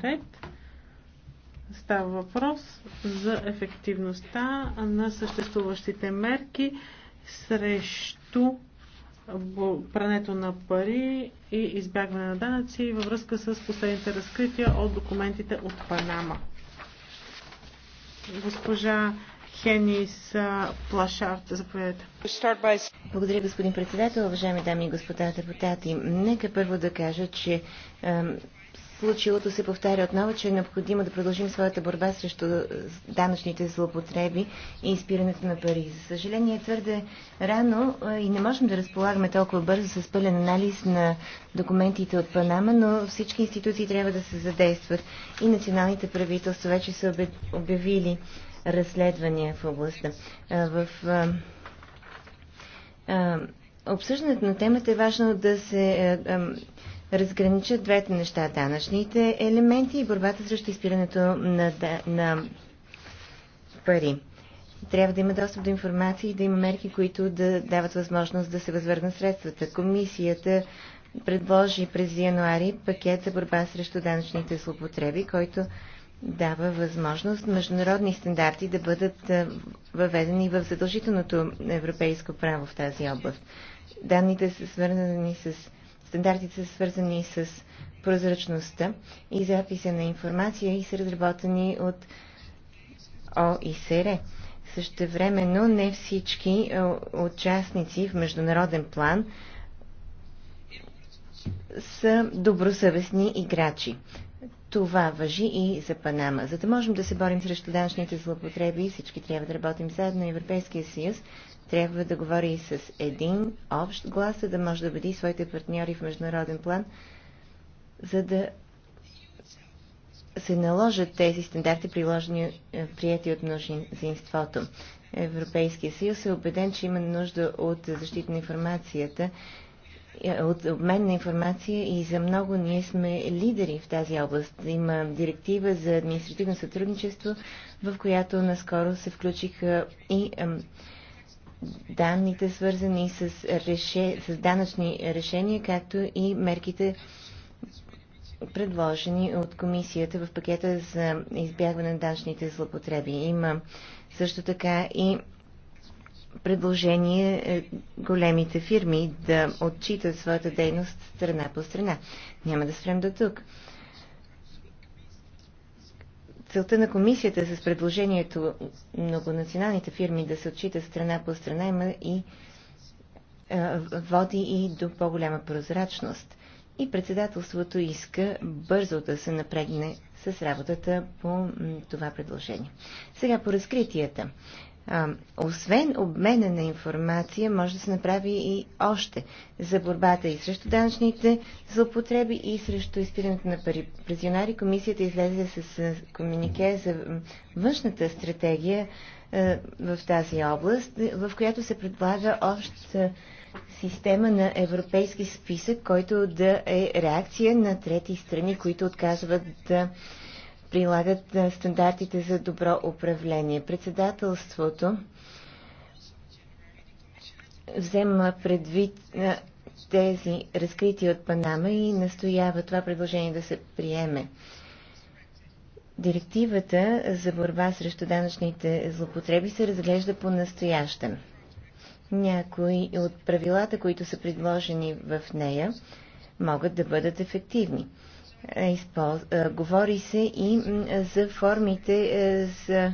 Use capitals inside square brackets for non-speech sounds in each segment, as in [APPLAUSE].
ред. Става въпрос за ефективността на съществуващите мерки срещу прането на пари и избягване на данъци във връзка с последните разкрития от документите от Панама. Госпожа Хенис Плашарт, заповядайте. Благодаря, господин председател. Уважаеми дами и господа депутати, нека първо да кажа, че Получилото се повтаря отново, че е необходимо да продължим своята борба срещу данъчните злоупотреби и изпирането на пари. За съжаление, твърде рано и не можем да разполагаме толкова бързо с пълен анализ на документите от Панама, но всички институции трябва да се задействат. И националните правителства вече са обявили разследвания в областта. В обсъждането на темата е важно да се разграничат двете неща – данъчните елементи и борбата срещу изпирането на, на пари. Трябва да има достъп до информация и да има мерки, които да дават възможност да се възвърнат средствата. Комисията предложи през януари пакет за борба срещу данъчните слопотреби, който дава възможност международни стандарти да бъдат е, въведени в задължителното европейско право в тази област. Данните са свързани с Стандартите са свързани с прозрачността и записа на информация и са разработени от ОИСР. Е. Също времено не всички участници в международен план са добросъвестни играчи. Това въжи и за Панама. За да можем да се борим срещу данъчните злоупотреби, всички трябва да работим заедно. Европейския съюз трябва да говори и с един общ глас, за да може да бъде своите партньори в международен план, за да се наложат тези стандарти, приложени, е, прияти от мнозинството. Европейския съюз е убеден, че има нужда от защита на информацията, е, от обмен на информация и за много ние сме лидери в тази област. Има директива за административно сътрудничество, в която наскоро се включиха и данните, свързани с, реше... с данъчни решения, както и мерките, предложени от комисията в пакета за избягване на данъчните злопотреби. Има също така и предложение е, големите фирми да отчитат своята дейност страна по страна. Няма да спрем до тук целта на комисията с предложението многонационалните фирми да се отчита страна по страна има и води и до по-голяма прозрачност. И председателството иска бързо да се напрегне с работата по това предложение. Сега по разкритията. А, освен обмена на информация, може да се направи и още за борбата и срещу данъчните злоупотреби и срещу изпирането на пари. През юнари комисията излезе с, с комунике за външната стратегия а, в тази област, в която се предлага още система на европейски списък, който да е реакция на трети страни, които отказват да прилагат стандартите за добро управление. Председателството взема предвид на тези разкрития от Панама и настоява това предложение да се приеме. Директивата за борба срещу данъчните злопотреби се разглежда по-настоящем. Някои от правилата, които са предложени в нея, могат да бъдат ефективни. Е, е, говори се и за формите е, за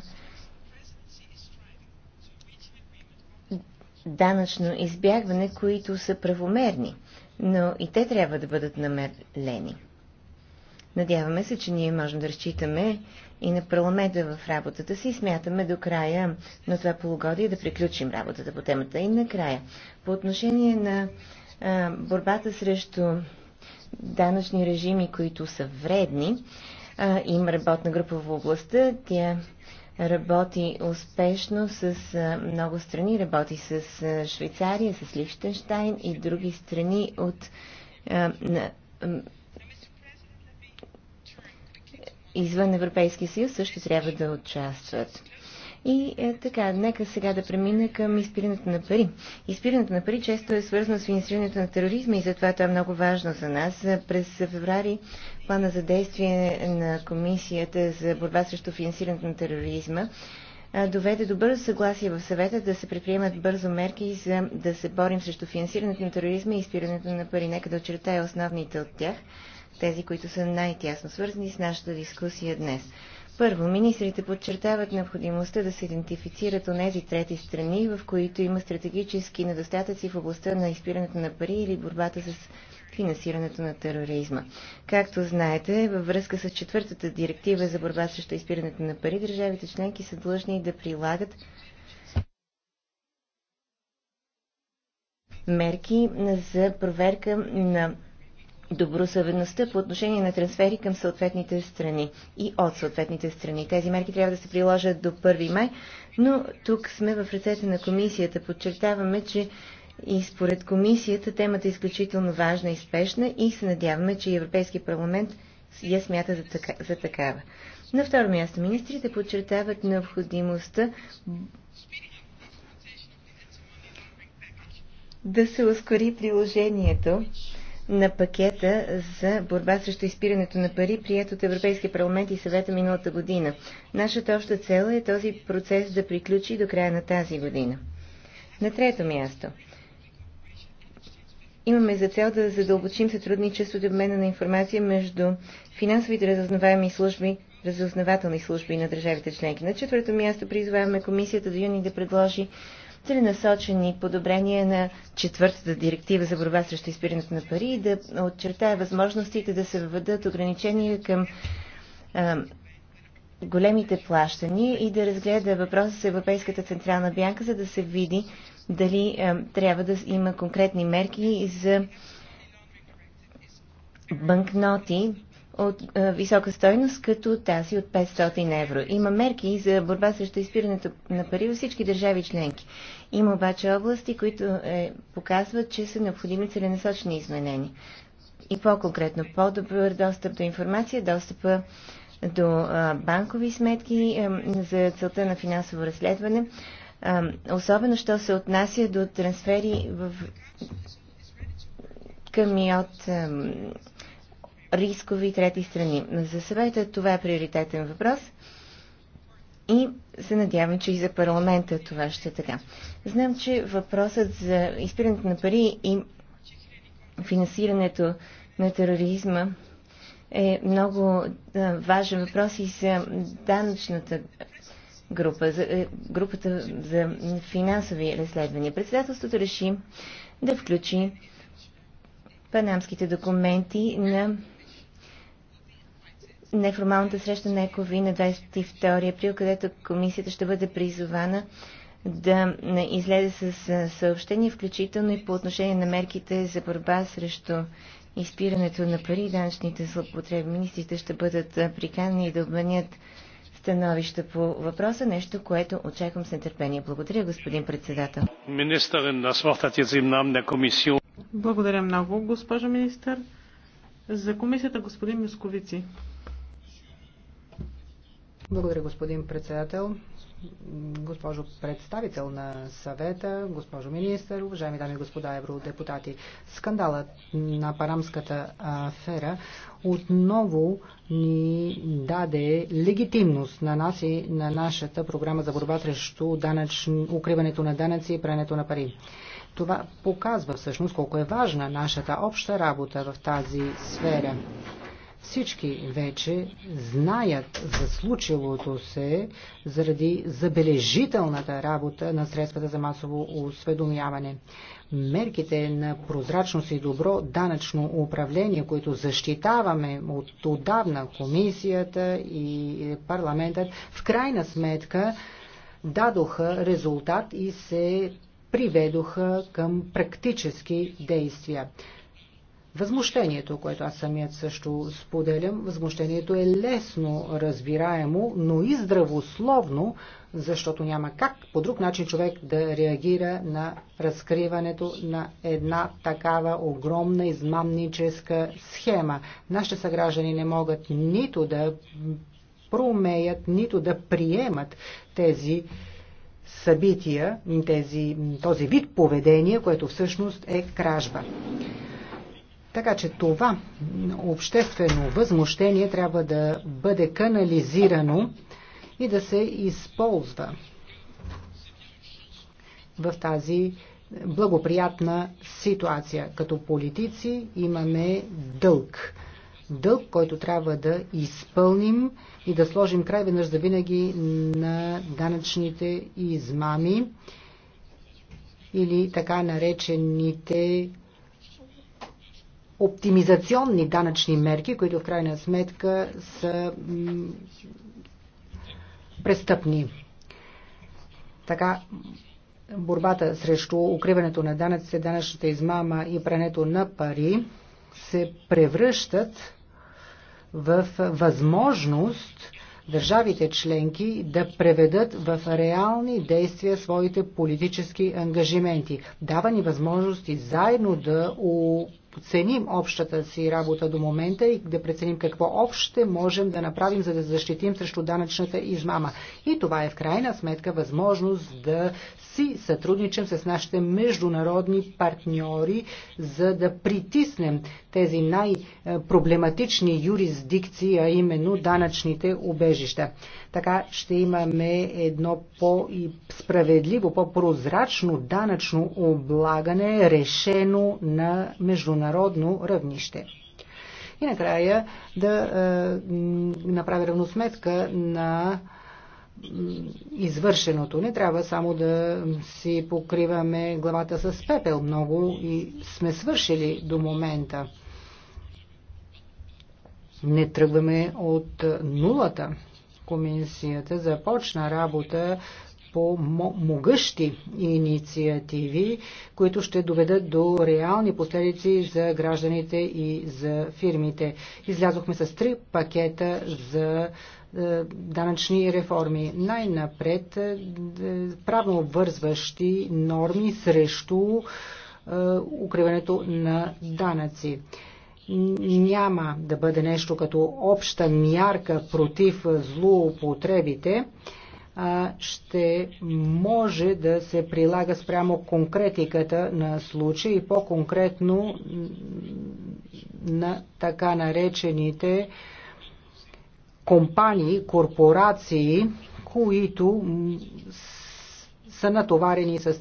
данъчно избягване, които са правомерни, но и те трябва да бъдат намерени. Надяваме се, че ние можем да разчитаме и на парламента в работата си. Смятаме до края на това полугодие да приключим работата по темата. И накрая, по отношение на а, борбата срещу данъчни режими, които са вредни. Има работна група в областта. Тя работи успешно с много страни. Работи с Швейцария, с Лихтенштайн и други страни от извън Европейския съюз също трябва да участват. И е, така, нека сега да премина към изпирането на пари. Изпирането на пари често е свързано с финансирането на тероризма и затова това е много важно за нас. През феврари плана за действие на Комисията за борба срещу финансирането на тероризма доведе до бързо съгласие в съвета да се предприемат бързо мерки за да се борим срещу финансирането на тероризма и изпирането на пари. Нека да очертая основните от тях, тези, които са най-тясно свързани с нашата дискусия днес. Първо, министрите подчертават необходимостта да се идентифицират онези трети страни, в които има стратегически недостатъци в областта на изпирането на пари или борбата с финансирането на тероризма. Както знаете, във връзка с четвъртата директива за борба срещу изпирането на пари, държавите членки са длъжни да прилагат мерки за проверка на добросъведността по отношение на трансфери към съответните страни и от съответните страни. Тези мерки трябва да се приложат до 1 май, но тук сме в ръцете на комисията. Подчертаваме, че и според комисията темата е изключително важна и спешна и се надяваме, че Европейския парламент я смята за, така, за такава. На второ място министрите подчертават необходимостта да се ускори приложението на пакета за борба срещу изпирането на пари, прият от Европейския парламент и съвета миналата година. Нашата обща цел е този процес да приключи до края на тази година. На трето място. Имаме за цел да задълбочим сътрудничеството и обмена на информация между финансовите разузнаваеми служби, разузнавателни служби на държавите членки. На четвърто място призваваме комисията до юни да предложи целенасочени подобрения на четвъртата директива за борба срещу изпирането на пари и да отчертая възможностите да се въведат ограничения към а, големите плащания и да разгледа въпроса с Европейската централна банка, за да се види дали а, трябва да има конкретни мерки за банкноти, от а, висока стойност, като тази от 500 евро. Има мерки за борба срещу изпирането на пари във всички държави членки. Има обаче области, които е, показват, че са необходими целенасочени изменения. И по-конкретно, по-добър достъп до информация, достъпа до а, банкови сметки а, за целта на финансово разследване, а, особено що се отнася до трансфери в, към и от а, рискови трети страни. За съвета това е приоритетен въпрос и се надявам, че и за парламента това ще е така. Знам, че въпросът за изпирането на пари и финансирането на тероризма е много важен въпрос и за данъчната група, за, е, групата за финансови разследвания. Председателството реши да включи панамските документи на неформалната среща на ЕКОВИ на 22 април, където комисията ще бъде призована да излезе с съобщение, включително и по отношение на мерките за борба срещу изпирането на пари и данъчните злоупотреби. Министрите ще бъдат приканени да обменят становища по въпроса, нещо, което очаквам с нетърпение. Благодаря, господин председател. Благодаря много, госпожо министър. За комисията господин Мисковици. Благодаря, господин председател, госпожо представител на съвета, госпожо министър, уважаеми дами и господа евродепутати. Скандалът на парамската афера отново ни даде легитимност на нас и на нашата програма за борба срещу данъч, укриването на данъци и прането на пари. Това показва всъщност колко е важна нашата обща работа в тази сфера. Всички вече знаят за случилото се заради забележителната работа на средствата за масово осведомяване. Мерките на прозрачност и добро данъчно управление, които защитаваме от отдавна комисията и парламентът, в крайна сметка дадоха резултат и се приведоха към практически действия. Възмущението, което аз самият също споделям, възмущението е лесно разбираемо, но и здравословно, защото няма как по друг начин човек да реагира на разкриването на една такава огромна измамническа схема. Нашите съграждани не могат нито да проумеят, нито да приемат тези събития, тези, този вид поведение, което всъщност е кражба. Така че това обществено възмущение трябва да бъде канализирано и да се използва в тази благоприятна ситуация. Като политици имаме дълг. Дълг, който трябва да изпълним и да сложим край веднъж за винаги на данъчните измами или така наречените оптимизационни данъчни мерки, които в крайна сметка са престъпни. Така, борбата срещу укриването на данъците, данъчната измама и прането на пари се превръщат в възможност държавите членки да преведат в реални действия своите политически ангажименти. Дава ни възможности заедно да подценим общата си работа до момента и да преценим какво общо можем да направим, за да защитим срещу данъчната измама. И това е в крайна сметка възможност да си сътрудничим с нашите международни партньори, за да притиснем тези най-проблематични юрисдикции, а именно данъчните убежища. Така ще имаме едно по-справедливо, по-прозрачно данъчно облагане, решено на международно равнище. И накрая да е, направя равносметка на извършеното. Не трябва само да си покриваме главата с пепел. Много и сме свършили до момента. Не тръгваме от нулата. Комисията започна работа по могъщи инициативи, които ще доведат до реални последици за гражданите и за фирмите. Излязохме с три пакета за е, данъчни реформи. Най-напред е, правно обвързващи норми срещу е, укриването на данъци няма да бъде нещо като обща мярка против злоупотребите, ще може да се прилага спрямо конкретиката на случаи и по-конкретно на така наречените компании, корпорации, които са натоварени с,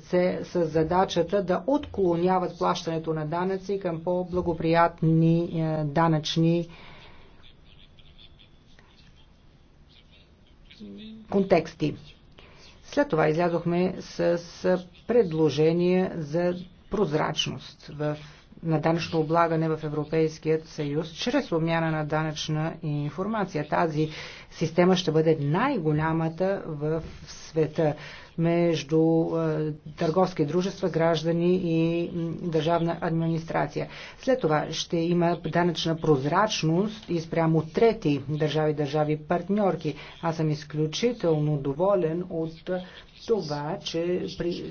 с задачата да отклоняват плащането на данъци към по-благоприятни е, данъчни контексти. След това излязохме с предложение за прозрачност в на данъчно облагане в Европейският съюз чрез обмяна на данъчна информация. Тази система ще бъде най-голямата в света между е, търговски дружества, граждани и държавна администрация. След това ще има данъчна прозрачност и спрямо трети държави, държави партньорки. Аз съм изключително доволен от това, че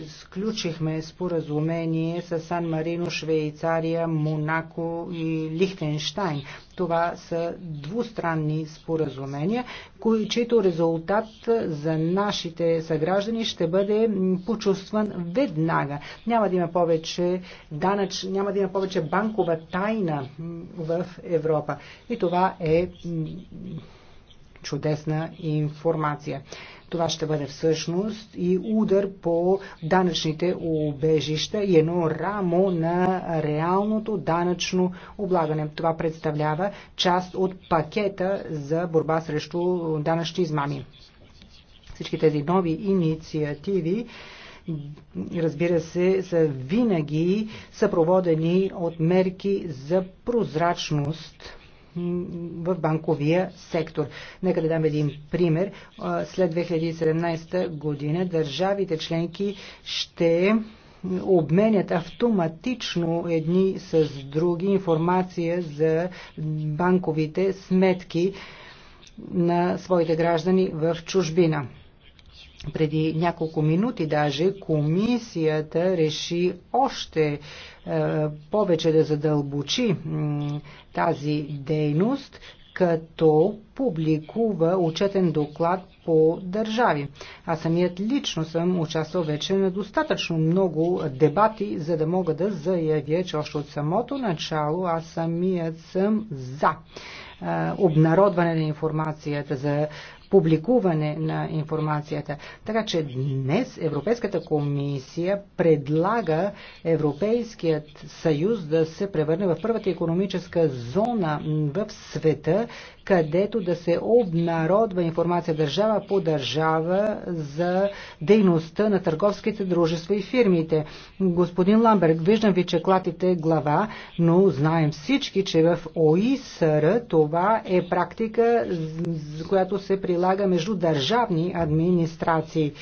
сключихме споразумение с Сан Марино, Швейцария, Монако и Лихтенштайн. Това са двустранни споразумения, кои, чието резултат за нашите съграждани ще бъде почувстван веднага. Няма да има повече данъч, няма да има повече банкова тайна в Европа. И това е чудесна информация. Това ще бъде всъщност и удар по данъчните убежища и едно рамо на реалното данъчно облагане. Това представлява част от пакета за борба срещу данъчни измами. Всички тези нови инициативи разбира се, са винаги съпроводени от мерки за прозрачност в банковия сектор. Нека да дам един пример. След 2017 година държавите членки ще обменят автоматично едни с други информация за банковите сметки на своите граждани в чужбина преди няколко минути даже комисията реши още е, повече да задълбочи е, тази дейност, като публикува учетен доклад по държави. Аз самият лично съм участвал вече на достатъчно много дебати, за да мога да заявя, че още от самото начало аз самият съм за е, обнародване на информацията, за е, публикуване на информацията. Така че днес Европейската комисия предлага Европейският съюз да се превърне в първата економическа зона в света, където да се обнародва информация държава по държава за дейността на търговските дружества и фирмите. Господин Ламберг, виждам ви, че клатите глава, но знаем всички, че в ОИСР това е практика, която се прилага между държавни администрации.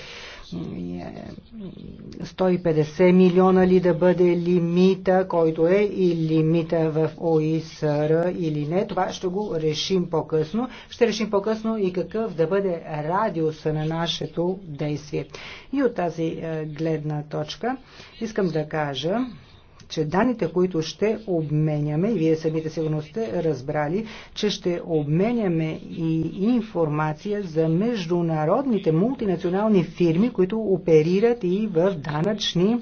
150 е, е, милиона ли да бъде лимита, който е и лимита в ОИСР или не. Това ще го решим по-късно. Ще решим по-късно и какъв да бъде радиуса на нашето действие. И от тази е, гледна точка искам да кажа, че данните, които ще обменяме, и вие самите сигурно сте разбрали, че ще обменяме и информация за международните мултинационални фирми, които оперират и в данъчни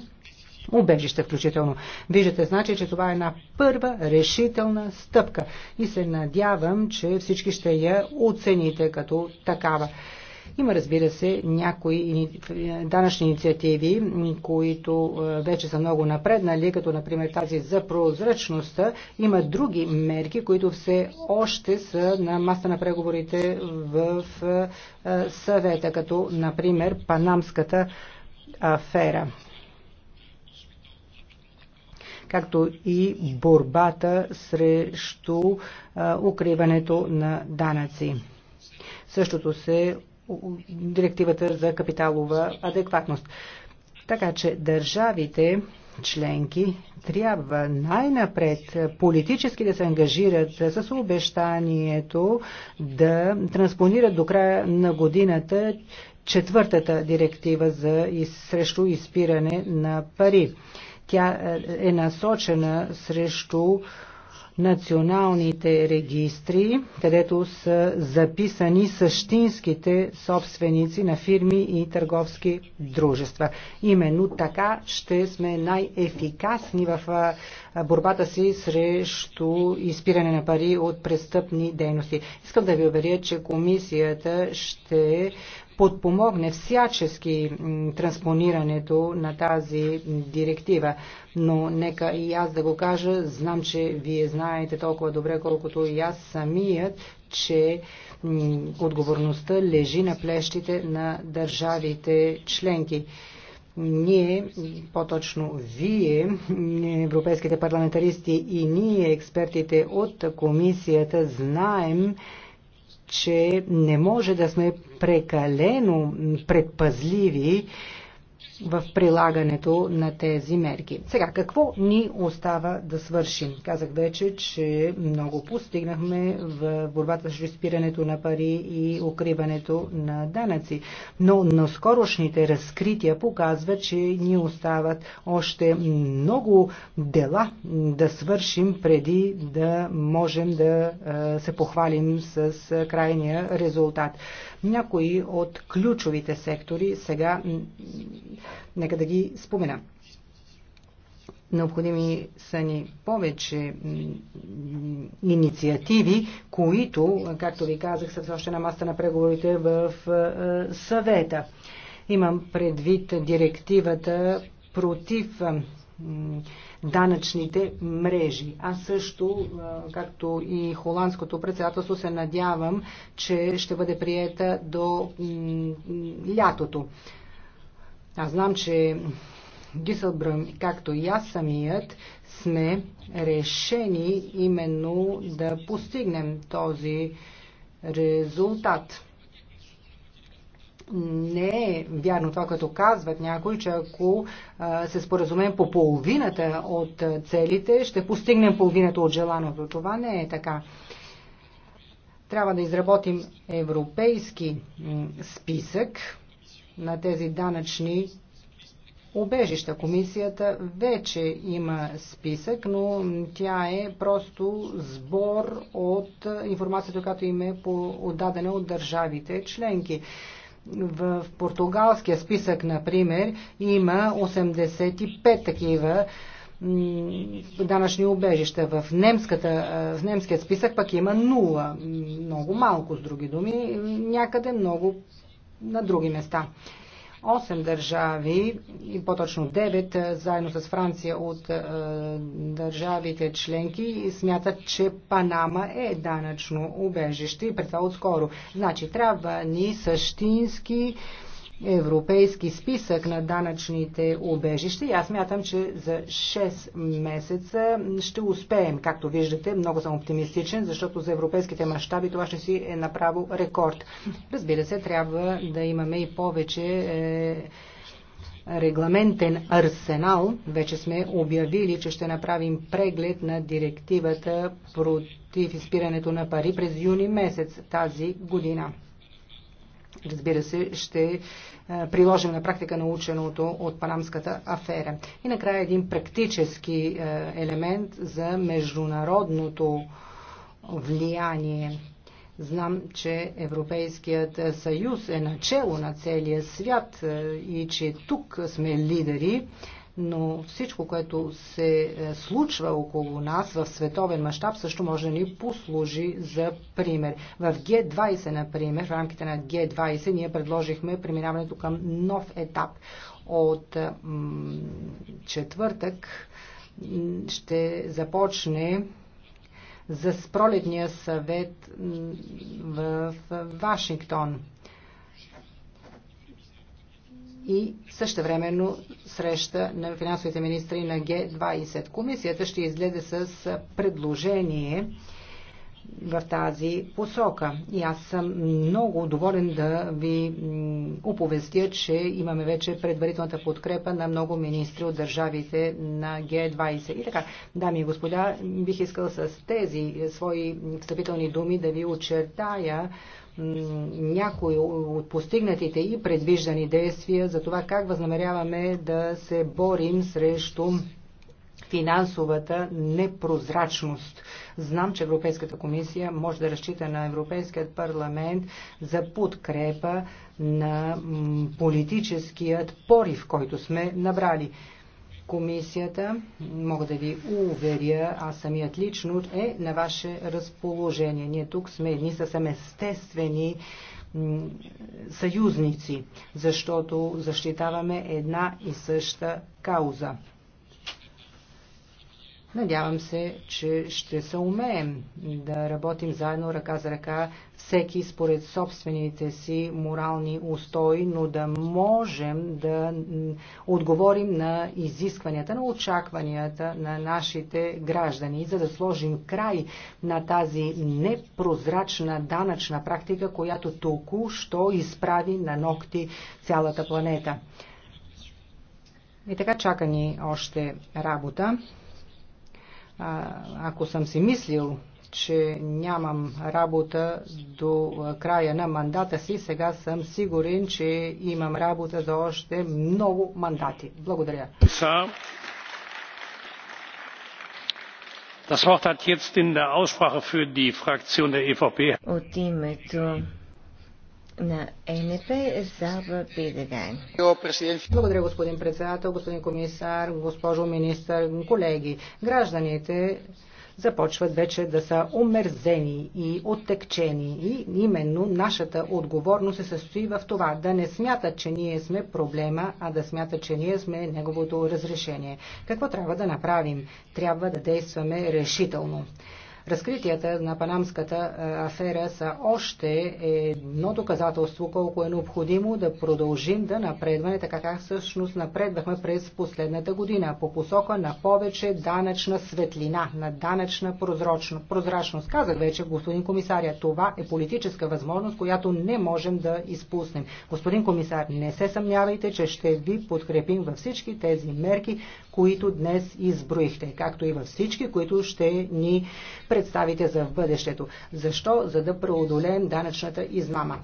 убежища, включително. Виждате, значи, че това е една първа решителна стъпка и се надявам, че всички ще я оцените като такава. Има, разбира се, някои данъчни инициативи, които е, вече са много напреднали, като например тази за прозрачността. Има други мерки, които все още са на маста на преговорите в е, е, съвета, като например панамската афера както и борбата срещу укриването на данъци. Същото се директивата за капиталова адекватност. Така че държавите членки трябва най-напред политически да се ангажират с обещанието да транспонират до края на годината четвъртата директива за срещу изпиране на пари. Тя е, е насочена срещу националните регистри, където са записани същинските собственици на фирми и търговски дружества. Именно така ще сме най-ефикасни в борбата си срещу изпиране на пари от престъпни дейности. Искам да ви уверя, че комисията ще подпомогне всячески транспонирането на тази директива. Но нека и аз да го кажа, знам, че вие знаете толкова добре, колкото и аз самият, че отговорността лежи на плещите на държавите членки ние, по-точно вие, европейските парламентаристи и ние, експертите от комисията, знаем, че не може да сме прекалено предпазливи в прилагането на тези мерки. Сега, какво ни остава да свършим? Казах вече, че много постигнахме в борбата с изпирането на пари и укриването на данъци. Но наскорошните разкрития показват, че ни остават още много дела да свършим преди да можем да се похвалим с крайния резултат някои от ключовите сектори. Сега нека да ги спомена. Необходими са ни повече инициативи, които, както ви казах, са все още на маста на преговорите в съвета. Имам предвид директивата против данъчните мрежи. Аз също, както и холандското председателство, се надявам, че ще бъде приета до лятото. Аз знам, че Гиселбръм, както и аз самият, сме решени именно да постигнем този резултат не е вярно това, като казват някой, че ако се споразумеем по половината от целите, ще постигнем половината от желаното. Това не е така. Трябва да изработим европейски списък на тези данъчни убежища. Комисията вече има списък, но тя е просто сбор от информацията, която им е отдадена от държавите членки. В португалския списък, например, има 85 такива данъчни убежища. В, немската, в немския списък пък има нула. Много малко, с други думи, някъде много на други места. 8 държави и по-точно 9 заедно с Франция от е, държавите членки смятат, че Панама е данъчно убежище и пред това отскоро. Значи трябва ни същински европейски списък на данъчните убежища и аз мятам, че за 6 месеца ще успеем. Както виждате, много съм оптимистичен, защото за европейските мащаби това ще си е направо рекорд. Разбира се, трябва да имаме и повече е, регламентен арсенал. Вече сме обявили, че ще направим преглед на директивата против изпирането на пари през юни месец тази година. Разбира се, ще е, приложим на практика наученото от панамската афера. И накрая един практически е, елемент за международното влияние. Знам, че Европейският съюз е начало на целия свят е, и че тук сме лидери но всичко, което се е, случва около нас в световен мащаб, също може да ни послужи за пример. В Г20, например, в рамките на Г20, ние предложихме преминаването към нов етап от четвъртък ще започне за пролетния съвет в Вашингтон и същевременно среща на финансовите министри на Г-20. Комисията ще изгледа с предложение в тази посока. И аз съм много доволен да ви оповестя, че имаме вече предварителната подкрепа на много министри от държавите на Г-20. И така, дами и господа, бих искал с тези свои встъпителни думи да ви очертая някои от постигнатите и предвиждани действия за това как възнамеряваме да се борим срещу финансовата непрозрачност. Знам, че Европейската комисия може да разчита на Европейският парламент за подкрепа на политическият порив, който сме набрали комисията, мога да ви уверя, аз самият лично е на ваше разположение. Ние тук сме едни съвсем естествени съюзници, защото защитаваме една и съща кауза. Надявам се, че ще се умеем да работим заедно ръка за ръка, всеки според собствените си морални устои, но да можем да отговорим на изискванията, на очакванията на нашите граждани, за да сложим край на тази непрозрачна данъчна практика, която току-що изправи на ногти цялата планета. И така чака ни още работа. А, ако съм си мислил, че нямам работа до края на мандата си, сега съм сигурен, че имам работа за още много мандати. Благодаря. От името на ЕНП за Бидегайн. Благодаря, господин председател, господин комисар, госпожо министър, колеги. Гражданите започват вече да са омерзени и оттекчени. И именно нашата отговорност се състои в това да не смятат, че ние сме проблема, а да смятат, че ние сме неговото разрешение. Какво трябва да направим? Трябва да действаме решително. Разкритията на панамската афера са още едно доказателство колко е необходимо да продължим да напредваме така как всъщност напредвахме през последната година по посока на повече данъчна светлина, на данъчна прозрачност. Казах вече, господин комисаря, това е политическа възможност, която не можем да изпуснем. Господин комисар, не се съмнявайте, че ще ви подкрепим във всички тези мерки, които днес изброихте, както и във всички, които ще ни представите за в бъдещето. Защо? За да преодолеем данъчната измама.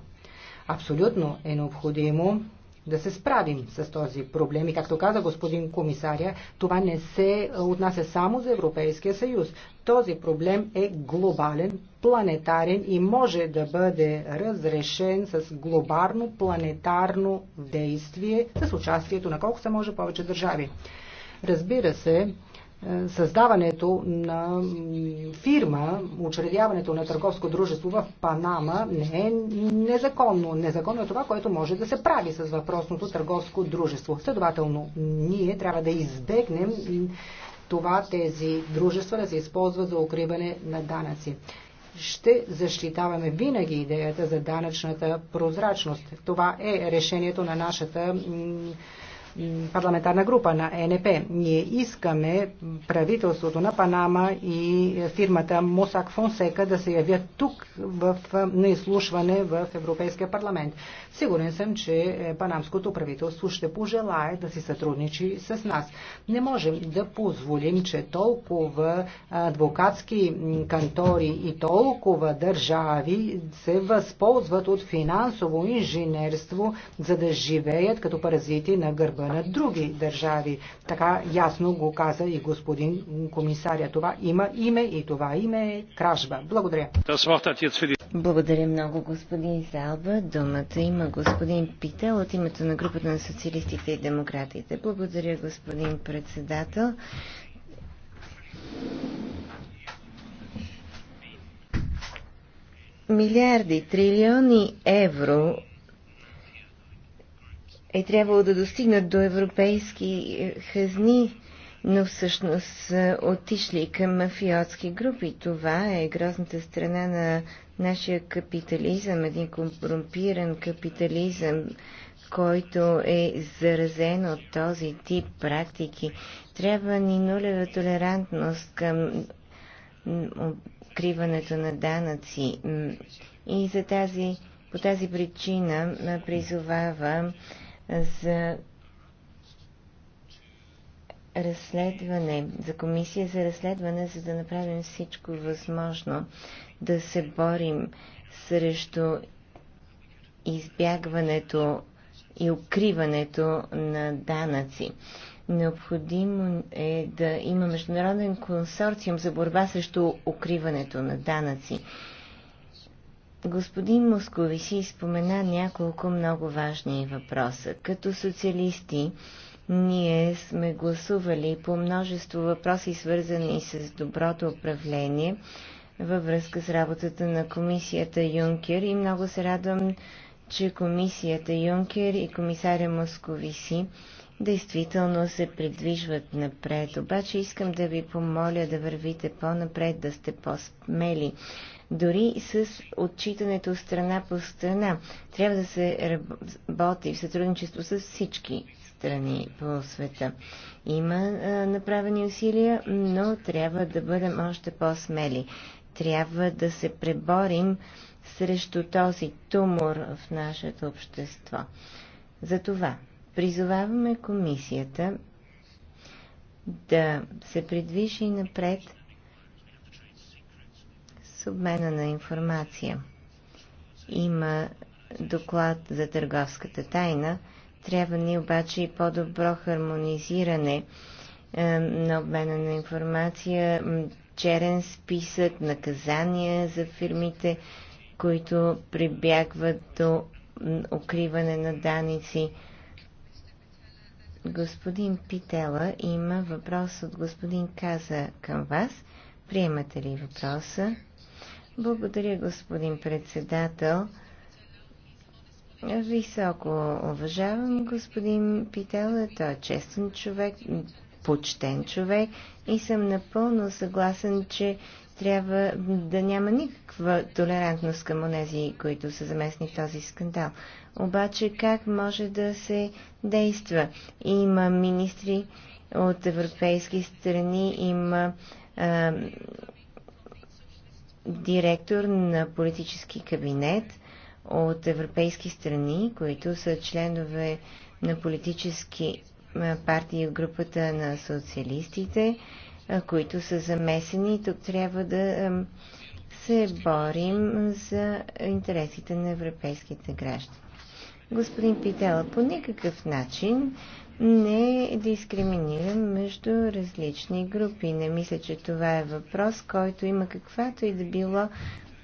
Абсолютно е необходимо да се справим с този проблем. И както каза господин комисаря, това не се отнася само за Европейския съюз. Този проблем е глобален, планетарен и може да бъде разрешен с глобарно, планетарно действие с участието на колко се може повече държави. Разбира се, създаването на фирма, учредяването на търговско дружество в Панама не е незаконно. Незаконно е това, което може да се прави с въпросното търговско дружество. Следователно, ние трябва да избегнем това тези дружества да се използват за укриване на данъци. Ще защитаваме винаги идеята за данъчната прозрачност. Това е решението на нашата парламентарна група на ЕНП. Ние искаме правителството на Панама и фирмата Мосак Фонсека да се явят тук в, на изслушване в Европейския парламент. Сигурен съм, че панамското правителство ще пожелае да си сътрудничи с нас. Не можем да позволим, че толкова адвокатски кантори и толкова държави се възползват от финансово инженерство, за да живеят като паразити на гърба помага е на други държави. Така ясно го каза и господин комисаря. Това има име и това име е кражба. Благодаря. Благодаря много, господин Залба. Думата има господин Пител от името на групата на социалистите и демократите. Благодаря, господин председател. Милиарди, трилиони евро е трябвало да достигнат до европейски е, хазни, но всъщност са отишли към мафиотски групи. Това е грозната страна на нашия капитализъм, един компромпиран капитализъм, който е заразен от този тип практики. Трябва ни нулева толерантност към откриването на данъци. И за тази, по тази причина призовавам за разследване, за комисия за разследване, за да направим всичко възможно да се борим срещу избягването и укриването на данъци. Необходимо е да има международен консорциум за борба срещу укриването на данъци. Господин Московиси спомена няколко много важни въпроса. Като социалисти ние сме гласували по множество въпроси, свързани с доброто управление във връзка с работата на комисията Юнкер и много се радвам, че комисията Юнкер и комисаря Московиси действително се придвижват напред. Обаче искам да ви помоля да вървите по-напред, да сте по-смели, дори с отчитането страна по страна. Трябва да се работи в сътрудничество с всички страни по света. Има а, направени усилия, но трябва да бъдем още по-смели. Трябва да се преборим срещу този тумор в нашето общество. Затова призоваваме комисията да се придвижи напред – с обмена на информация. Има доклад за търговската тайна. Трябва ни обаче и по-добро хармонизиране е, на обмена на информация, черен списък, наказания за фирмите, които прибягват до укриване на даници. Господин Питела има въпрос от господин Каза към вас. Приемате ли въпроса? Благодаря, господин председател. Високо уважавам господин Питела. Той е честен човек, почтен човек и съм напълно съгласен, че трябва да няма никаква толерантност към онези, които са заместни в този скандал. Обаче как може да се действа? Има министри от европейски страни, има директор на политически кабинет от европейски страни, които са членове на политически партии от групата на социалистите, които са замесени. Тук трябва да се борим за интересите на европейските граждани. Господин Питела, по никакъв начин не дискриминирам между различни групи. Не мисля, че това е въпрос, който има каквато и да било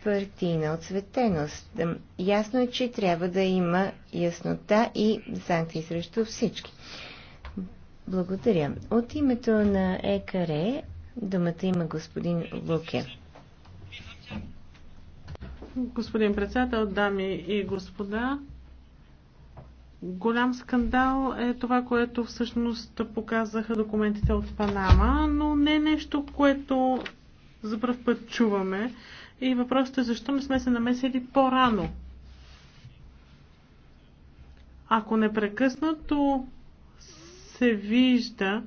партийна отсветеност. Ясно е, че трябва да има яснота и санкции срещу всички. Благодаря. От името на ЕКРЕ думата има господин Луке. Господин председател, дами и господа, Голям скандал е това, което всъщност показаха документите от Панама, но не е нещо, което за първ път чуваме. И въпросът е защо не сме се намесили по-рано. Ако непрекъснато се вижда,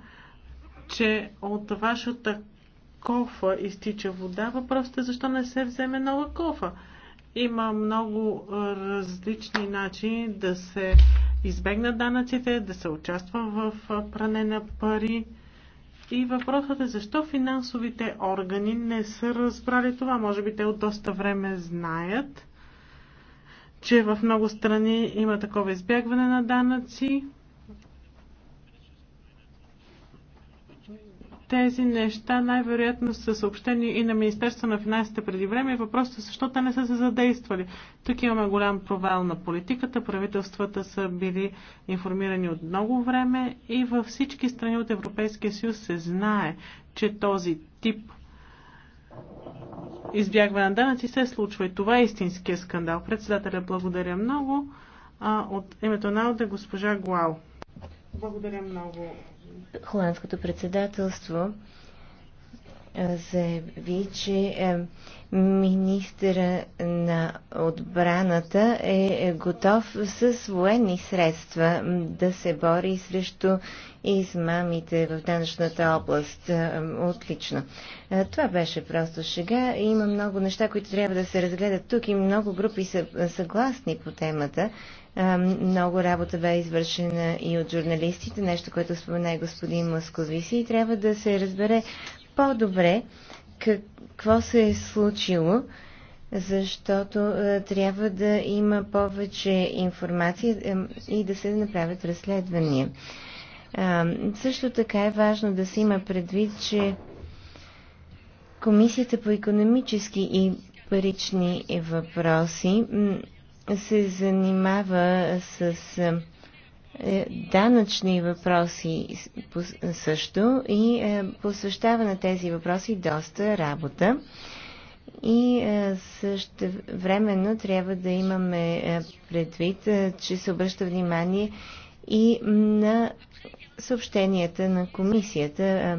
че от вашата кофа изтича вода, въпросът е защо не се вземе нова кофа. Има много различни начини да се избегнат данъците, да се участва в пране на пари. И въпросът е защо финансовите органи не са разбрали това. Може би те от доста време знаят, че в много страни има такова избягване на данъци. Тези неща най-вероятно са съобщени и на Министерство на финансите преди време. Въпросът е защо те не са се задействали. Тук имаме голям провал на политиката. Правителствата са били информирани от много време и във всички страни от Европейския съюз се знае, че този тип избягване на данъци се случва. И това е истинския скандал. Председателя, благодаря много. А, от името на Алде, госпожа Гуал. Благодаря много холандското председателство заяви, че е, министъра на отбраната е, е готов с военни средства да се бори срещу измамите в данъчната област. Е, отлично. Това беше просто шега. Има много неща, които трябва да се разгледат тук и много групи са съгласни по темата. Е, много работа бе извършена и от журналистите, нещо, което спомена и господин Московиси и трябва да се разбере по-добре какво се е случило, защото е, трябва да има повече информация е, и да се направят разследвания. Също така е важно да се има предвид, че Комисията по економически и парични въпроси се занимава с е, е, данъчни въпроси също и е, посвещава на тези въпроси доста работа. И също времено трябва да имаме предвид, че се обръща внимание и на съобщенията на комисията,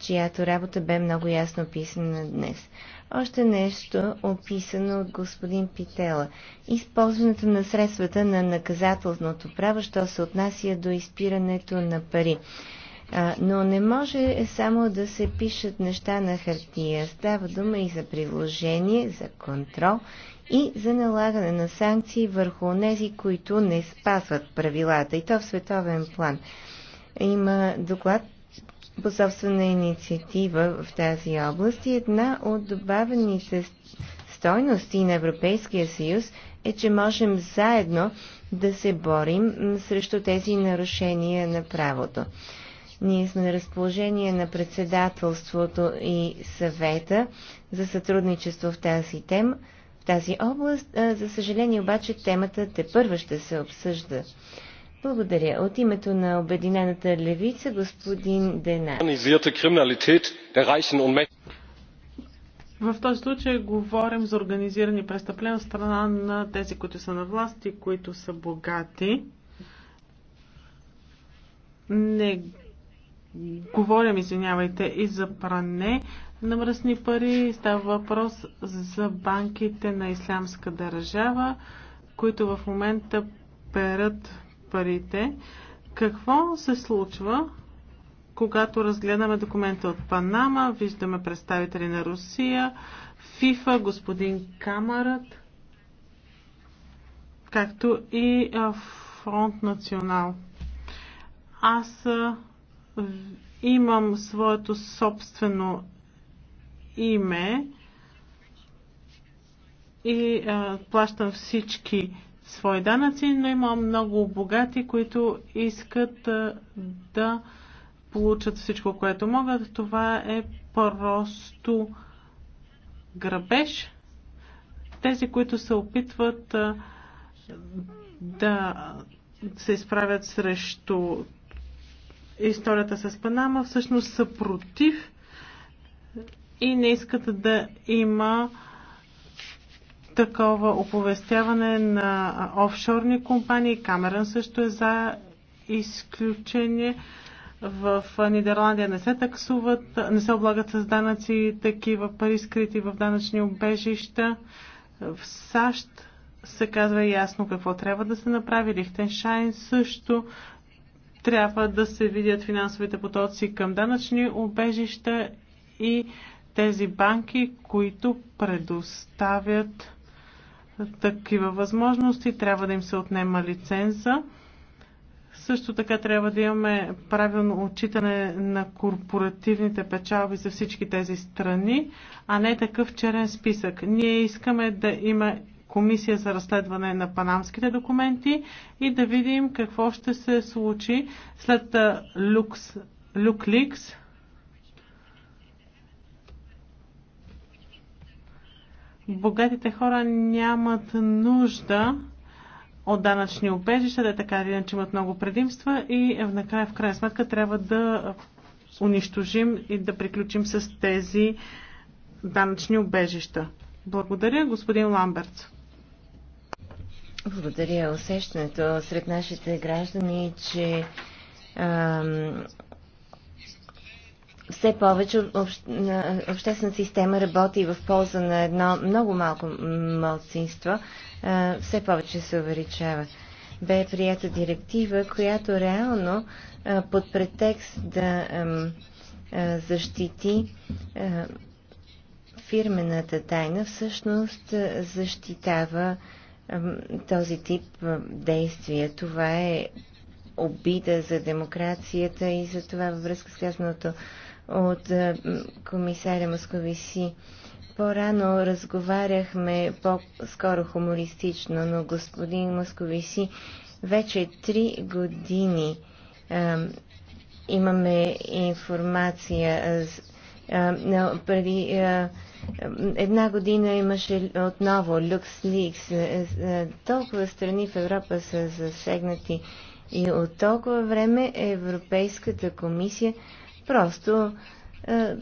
чиято работа бе много ясно описана днес. Още нещо, описано от господин Питела. Използването на средствата на наказателното право, що се отнася до изпирането на пари. А, но не може само да се пишат неща на хартия. Става дума и за приложение, за контрол и за налагане на санкции върху тези, които не спазват правилата. И то в световен план. Има доклад по собствена инициатива в тази област и една от добавените стойности на Европейския съюз е, че можем заедно да се борим срещу тези нарушения на правото. Ние сме на разположение на председателството и съвета за сътрудничество в тази тема, в тази област. За съжаление обаче темата те първа ще се обсъжда. Благодаря. От името на Обединената левица, господин Денар. В този случай говорим за организирани престъпления от страна на тези, които са на власт и които са богати. Не говорим, извинявайте, и за пране на мръсни пари. Става въпрос за банките на Ислямска държава, които в момента перат парите. Какво се случва, когато разгледаме документа от Панама, виждаме представители на Русия, ФИФА, господин Камарът, както и Фронт Национал. Аз имам своето собствено име и а, плащам всички свои данъци, но има много богати, които искат да получат всичко, което могат. Това е просто грабеж. Тези, които се опитват да се изправят срещу историята с Панама, всъщност са против и не искат да има такова оповестяване на офшорни компании. Камерън също е за изключение. В Нидерландия не се таксуват, не се облагат с данъци такива пари скрити в данъчни обежища. В САЩ се казва ясно какво трябва да се направи. Лихтеншайн също трябва да се видят финансовите потоци към данъчни обежища и тези банки, които предоставят такива възможности, трябва да им се отнема лиценза. Също така трябва да имаме правилно отчитане на корпоративните печалби за всички тези страни, а не такъв черен списък. Ние искаме да има комисия за разследване на панамските документи и да видим какво ще се случи след Люкс, Люкликс богатите хора нямат нужда от данъчни обежища, да е така или иначе имат много предимства и е, накрая, в крайна сметка, трябва да унищожим и да приключим с тези данъчни обежища. Благодаря, господин Ламберт. Благодаря. Усещането сред нашите граждани, че ам, все повече обществена система работи в полза на едно много малко младсинство, все повече се увеличава. Бе прията директива, която реално под претекст да защити фирмената тайна, всъщност защитава този тип действия. Това е обида за демокрацията и за това във връзка с казаното от е, комисаря Московиси. По-рано разговаряхме по-скоро хумористично, но господин Московиси вече три години а, е, имаме информация. А, а, е, преди а, една година имаше отново LuxLeaks. Толкова страни в Европа са засегнати и от толкова време Европейската комисия просто а, е,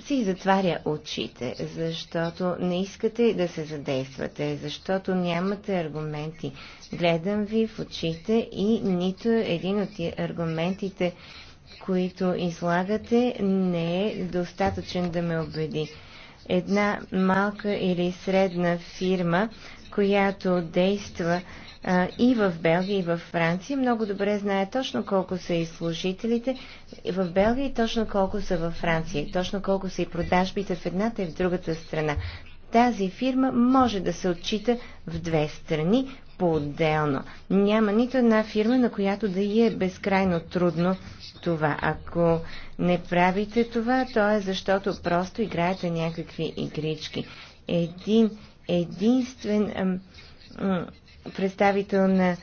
си затваря очите, защото не искате да се задействате, защото нямате аргументи. Гледам ви в очите и нито един от аргументите, които излагате, не е достатъчен да ме убеди. Една малка или средна фирма, която действа и в Белгия, и в Франция. Много добре знае точно колко са и служителите в Белгия и точно колко са във Франция. И точно колко са и продажбите в едната и в другата страна. Тази фирма може да се отчита в две страни по-отделно. Няма нито една фирма, на която да й е безкрайно трудно това. Ако не правите това, то е защото просто играете някакви игрички. Един единствен представител на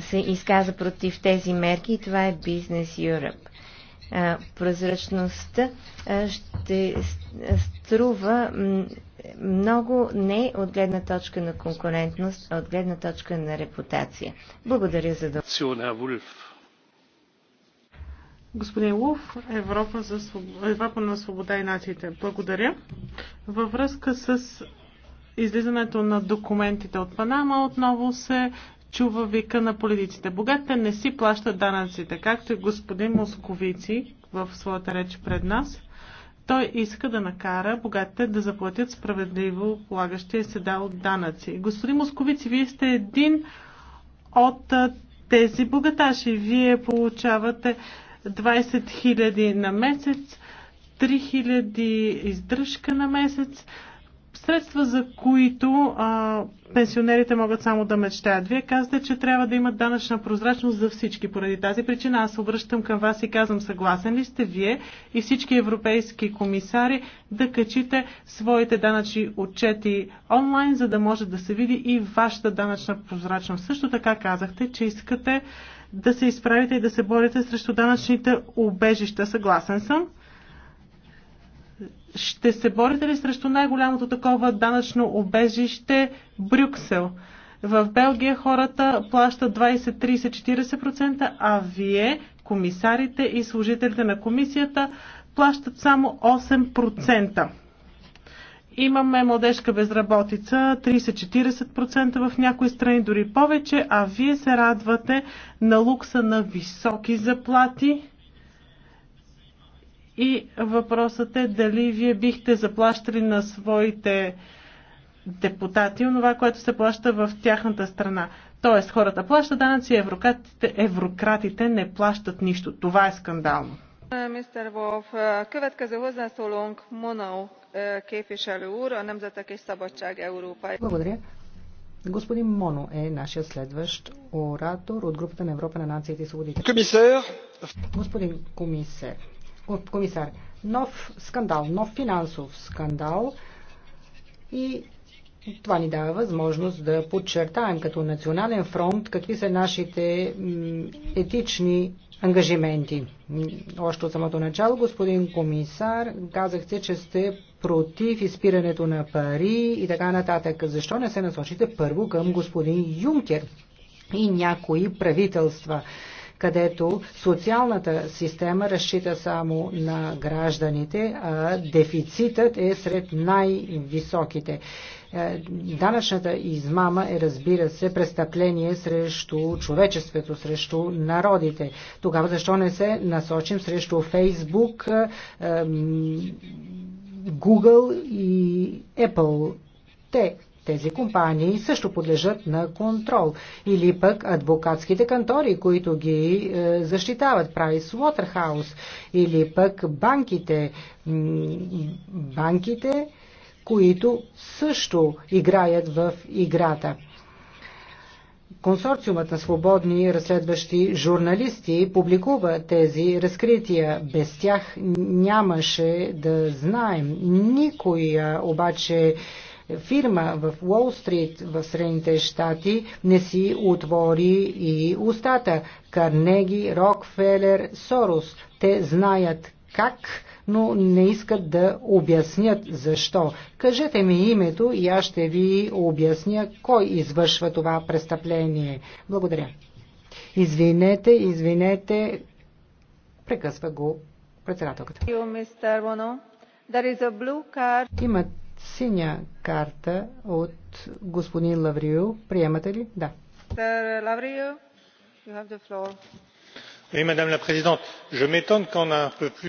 се изказа против тези мерки и това е Business Europe. Прозрачността ще струва много не от гледна точка на конкурентност, а от гледна точка на репутация. Благодаря за да. Господин Лув, Европа, за Европа на свобода и нациите. Благодаря. Във връзка с излизането на документите от Панама отново се чува вика на политиците. Богатите не си плащат данъците, както и господин Московици в своята реч пред нас. Той иска да накара богатите да заплатят справедливо полагащия се да от данъци. Господин Московици, вие сте един от тези богаташи. Вие получавате 20 000 на месец, 3 000 издръжка на месец средства, за които а, пенсионерите могат само да мечтаят. Вие казвате, че трябва да имат данъчна прозрачност за всички. Поради тази причина аз обръщам към вас и казвам съгласен ли сте вие и всички европейски комисари да качите своите данъчни отчети онлайн, за да може да се види и вашата данъчна прозрачност. Също така казахте, че искате да се изправите и да се борите срещу данъчните убежища. Съгласен съм. Ще се борите ли срещу най-голямото такова данъчно обежище Брюксел? В Белгия хората плащат 20, 30, 40%, а вие, комисарите и служителите на комисията, плащат само 8%. Имаме младежка безработица 30-40% в някои страни, дори повече, а вие се радвате на лукса на високи заплати и въпросът е дали вие бихте заплащали на своите депутати онова, което се плаща в тяхната страна. Тоест, хората плащат данъци, еврократите, еврократите не плащат нищо. Това е скандално. Мистер Вов, következő hozzászólónk Monau е, képviselő úr, a Nemzetek és Szabadság Európai. Благодаря. Господин Моно е нашия следващ оратор от групата на Европа на нациите и свободите. Комисар! Господин комисар, от комисар. Нов скандал, нов финансов скандал и това ни дава възможност да подчертаем като национален фронт какви са нашите етични ангажименти. Още от самото начало, господин комисар, казахте, че сте против изпирането на пари и така нататък. Защо не се насочите първо към господин Юнкер и някои правителства? където социалната система разчита само на гражданите, а дефицитът е сред най-високите. Е, данъчната измама е, разбира се, престъпление срещу човечеството, срещу народите. Тогава защо не се насочим срещу Фейсбук, Google е, и Apple? Те тези компании също подлежат на контрол. Или пък адвокатските кантори, които ги е, защитават, прави Waterhouse, или пък банките, банките, които също играят в играта. Консорциумът на свободни разследващи журналисти публикува тези разкрития. Без тях нямаше да знаем. Никоя обаче фирма в Уолл Стрит в Средните щати не си отвори и устата. Карнеги, Рокфелер, Сорос. Те знаят как но не искат да обяснят защо. Кажете ми името и аз ще ви обясня кой извършва това престъпление. Благодаря. Извинете, извинете. Прекъсва го председателката. Има. Синя карта от господин Лаврио. Приемате ли? Да. Лаврио, you have the floor.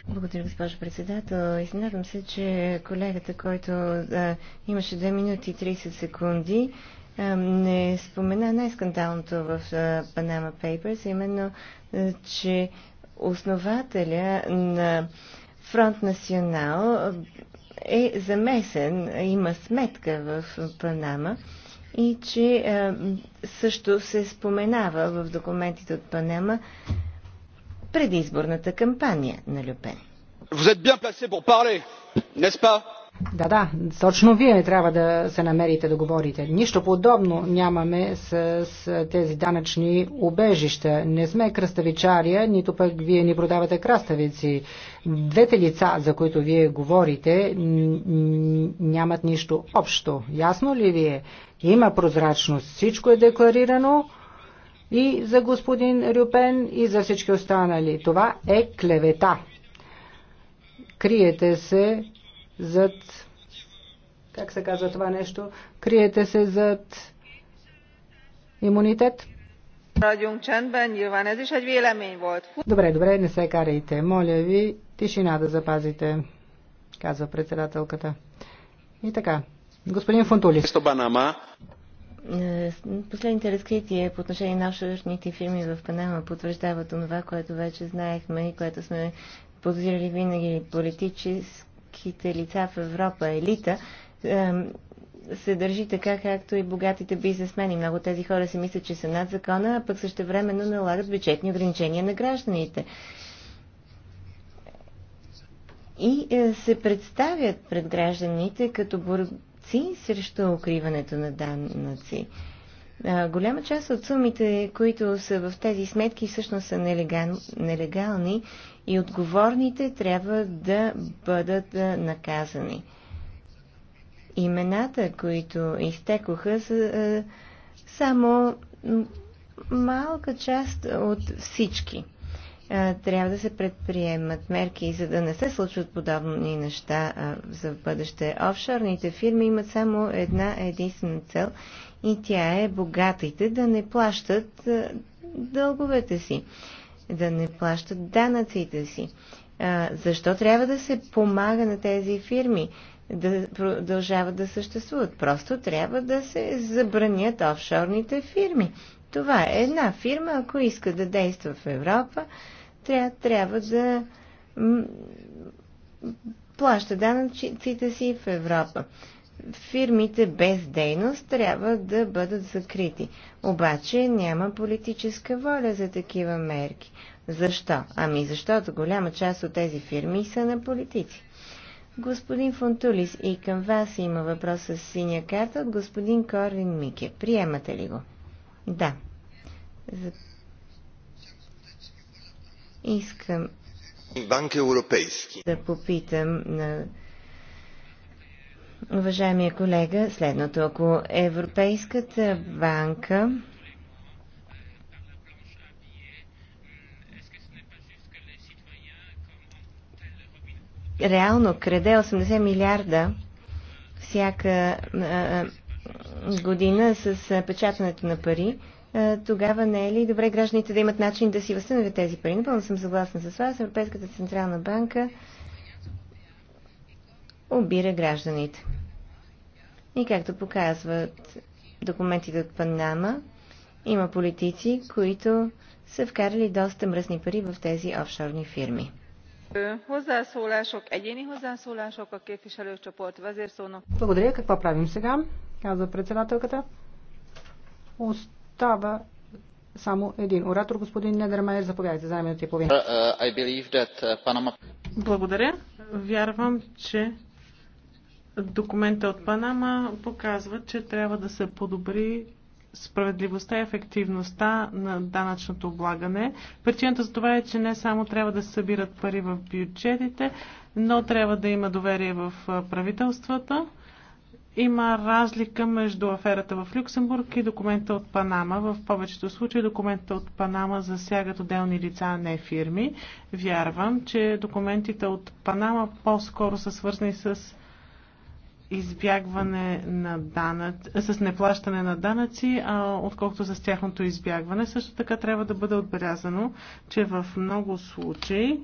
Благодаря, госпожо председател. Изненадвам се, че колегата, който а, имаше 2 минути и 30 секунди, не спомена най-скандалното в Панама Panama Papers, именно, че основателя на Фронт Национал е замесен, има сметка в Панама и че е, също се споменава в документите от Панама предизборната кампания на Люпен. Vous êtes bien placé pour parler, n'est-ce pas да, да, точно вие трябва да се намерите да говорите. Нищо подобно нямаме с, с тези данъчни убежища. Не сме кръставичария, нито пък вие ни продавате краставици. Двете лица, за които вие говорите, нямат нищо общо. Ясно ли вие? Има прозрачност, всичко е декларирано и за господин Рюпен, и за всички останали. Това е клевета. Криете се зад, как се казва това нещо, криете се зад имунитет. Добре, добре, не се карайте. Моля ви, тишина да запазите, казва председателката. И така, господин Фунтули, е, Последните разкрития по отношение на офшорните фирми в Панама потвърждават онова, което вече знаехме и което сме подозирали винаги политически богатите лица в Европа, елита, се държи така, както и богатите бизнесмени. Много тези хора се мислят, че са над закона, а пък също времено налагат бюджетни ограничения на гражданите. И е, се представят пред гражданите като борци срещу укриването на данъци. Голяма част от сумите, които са в тези сметки, всъщност са нелегал, нелегални и отговорните трябва да бъдат наказани. Имената, които изтекоха, са само малка част от всички. Трябва да се предприемат мерки, за да не се случват подобни неща за бъдеще. Офшорните фирми имат само една единствена цел и тя е богатите да не плащат дълговете си, да не плащат данъците си. Защо трябва да се помага на тези фирми да продължават да съществуват? Просто трябва да се забранят офшорните фирми. Това е една фирма, ако иска да действа в Европа, трябва, да плаща данъците си в Европа фирмите без дейност трябва да бъдат закрити. Обаче няма политическа воля за такива мерки. Защо? Ами защото голяма част от тези фирми са на политици. Господин Фонтулис, и към вас има въпрос с синя карта от господин Корвин Мике. Приемате ли го? Да. За... Искам Банк европейски. да попитам на уважаемия колега следното. Ако Европейската банка реално краде 80 милиарда всяка а, година с печатането на пари, а, тогава не е ли добре гражданите да имат начин да си възстановят тези пари? Напълно съм съгласна с вас. Европейската централна банка обира гражданите. И както показват документите от Панама, има политици, които са вкарали доста мръсни пари в тези офшорни фирми. Благодаря. Какво правим сега? Казва председателката. Остава само един оратор, господин Недермайер. Заповядайте за минута и половина. Uh, uh, uh, Благодаря. Вярвам, че Документа от Панама показва, че трябва да се подобри справедливостта и ефективността на данъчното облагане. Причината за това е, че не само трябва да се събират пари в бюджетите, но трябва да има доверие в правителствата. Има разлика между аферата в Люксембург и документа от Панама. В повечето случаи документа от Панама засягат отделни лица, а не фирми. Вярвам, че документите от Панама по-скоро са свързани с избягване на данъци, с неплащане на данъци, а, отколкото с тяхното избягване. Също така трябва да бъде отбелязано, че в много случаи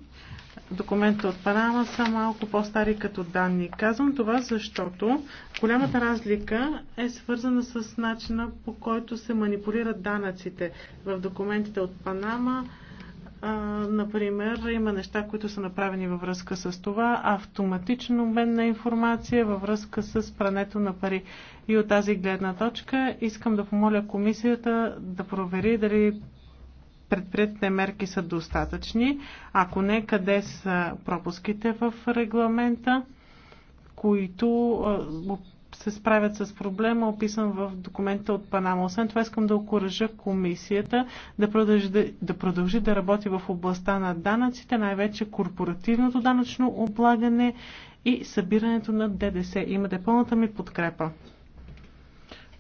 документите от Панама са малко по-стари като данни. Казвам това, защото голямата разлика е свързана с начина по който се манипулират данъците. В документите от Панама например, има неща, които са направени във връзка с това, автоматичен обмен на информация във връзка с прането на пари. И от тази гледна точка искам да помоля комисията да провери дали предприятите мерки са достатъчни, ако не, къде са пропуските в регламента, които се справят с проблема, описан в документа от Панама. Освен това искам да окоръжа комисията да продължи да, да продължи да работи в областта на данъците, най-вече корпоративното данъчно облагане и събирането на ДДС. Имате пълната ми подкрепа.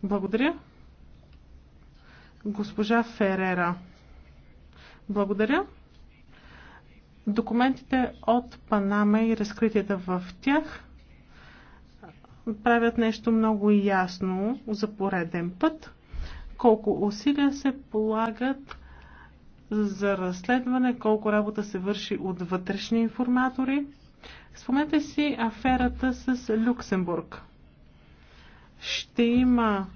Благодаря. Госпожа Ферера. Благодаря. Документите от Панама и разкритията в тях правят нещо много ясно за пореден път, колко усилия се полагат за разследване, колко работа се върши от вътрешни информатори. Спомнете си аферата с Люксембург. Ще има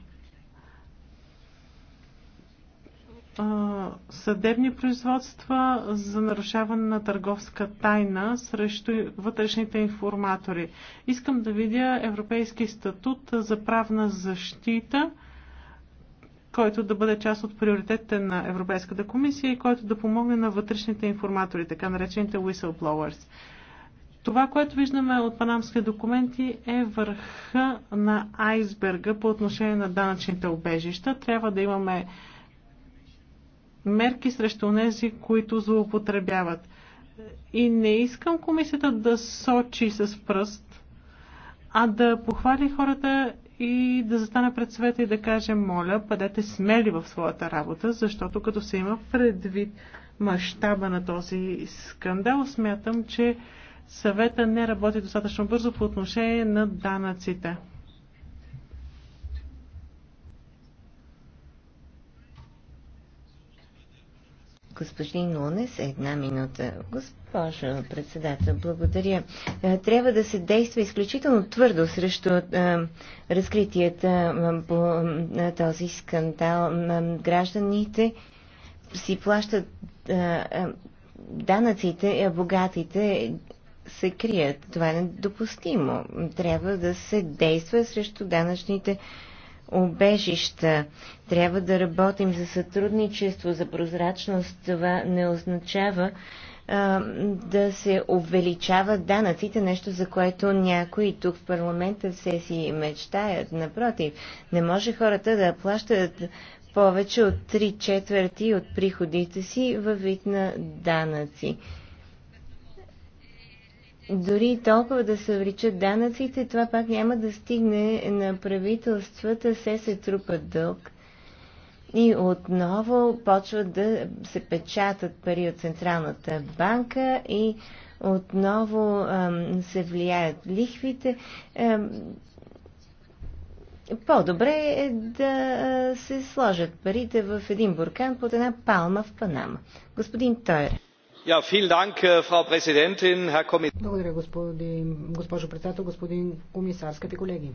съдебни производства за нарушаване на търговска тайна срещу вътрешните информатори. Искам да видя Европейски статут за правна защита, който да бъде част от приоритетите на Европейската комисия и който да помогне на вътрешните информатори, така наречените whistleblowers. Това, което виждаме от панамски документи е върха на айсберга по отношение на данъчните обежища. Трябва да имаме мерки срещу тези, които злоупотребяват. И не искам комисията да сочи с пръст, а да похвали хората и да застане пред света и да каже, моля, бъдете смели в своята работа, защото като се има предвид мащаба на този скандал, смятам, че съвета не работи достатъчно бързо по отношение на данъците. Господин Лунес, една минута. Госпожо председател, благодаря. Е, трябва да се действа изключително твърдо срещу е, разкритията по този скандал. Гражданите си плащат е, данъците, а богатите се крият. Това е недопустимо. Трябва да се действа срещу данъчните обежища. Трябва да работим за сътрудничество, за прозрачност. Това не означава а, да се увеличават данъците, нещо за което някои тук в парламента все си мечтаят. Напротив, не може хората да плащат повече от 3 четвърти от приходите си във вид на данъци дори толкова да се увеличат данъците, това пак няма да стигне на правителствата, се се трупа дълг и отново почват да се печатат пари от Централната банка и отново ам, се влияят лихвите. Ам, по-добре е да се сложат парите в един буркан под една палма в Панама. Господин Тойер. Äh, Благодаря, господин, госпожо председател, господин комисар, скъпи колеги.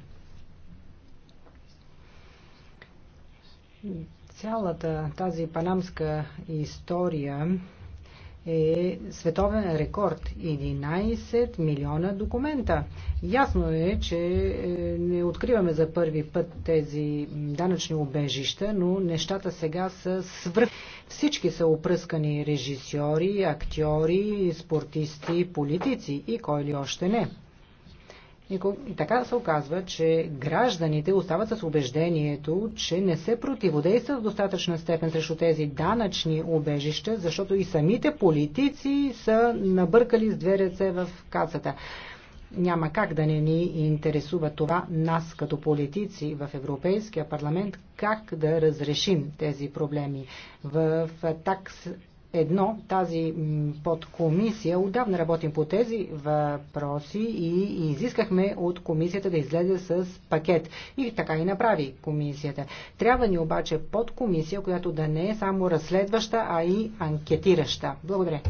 Цялата тази панамска история е световен рекорд 11 милиона документа. Ясно е, че е, не откриваме за първи път тези данъчни обежища, но нещата сега са свръх. Всички са опръскани режисьори, актьори, спортисти, политици и кой ли още не. И така се оказва, че гражданите остават с убеждението, че не се противодейства в достатъчна степен срещу тези данъчни убежища, защото и самите политици са набъркали с две ръце в кацата. Няма как да не ни интересува това нас като политици в Европейския парламент, как да разрешим тези проблеми. В такс едно, тази подкомисия, отдавна работим по тези въпроси и изискахме от комисията да излезе с пакет. И така и направи комисията. Трябва ни обаче подкомисия, която да не е само разследваща, а и анкетираща. Благодаря.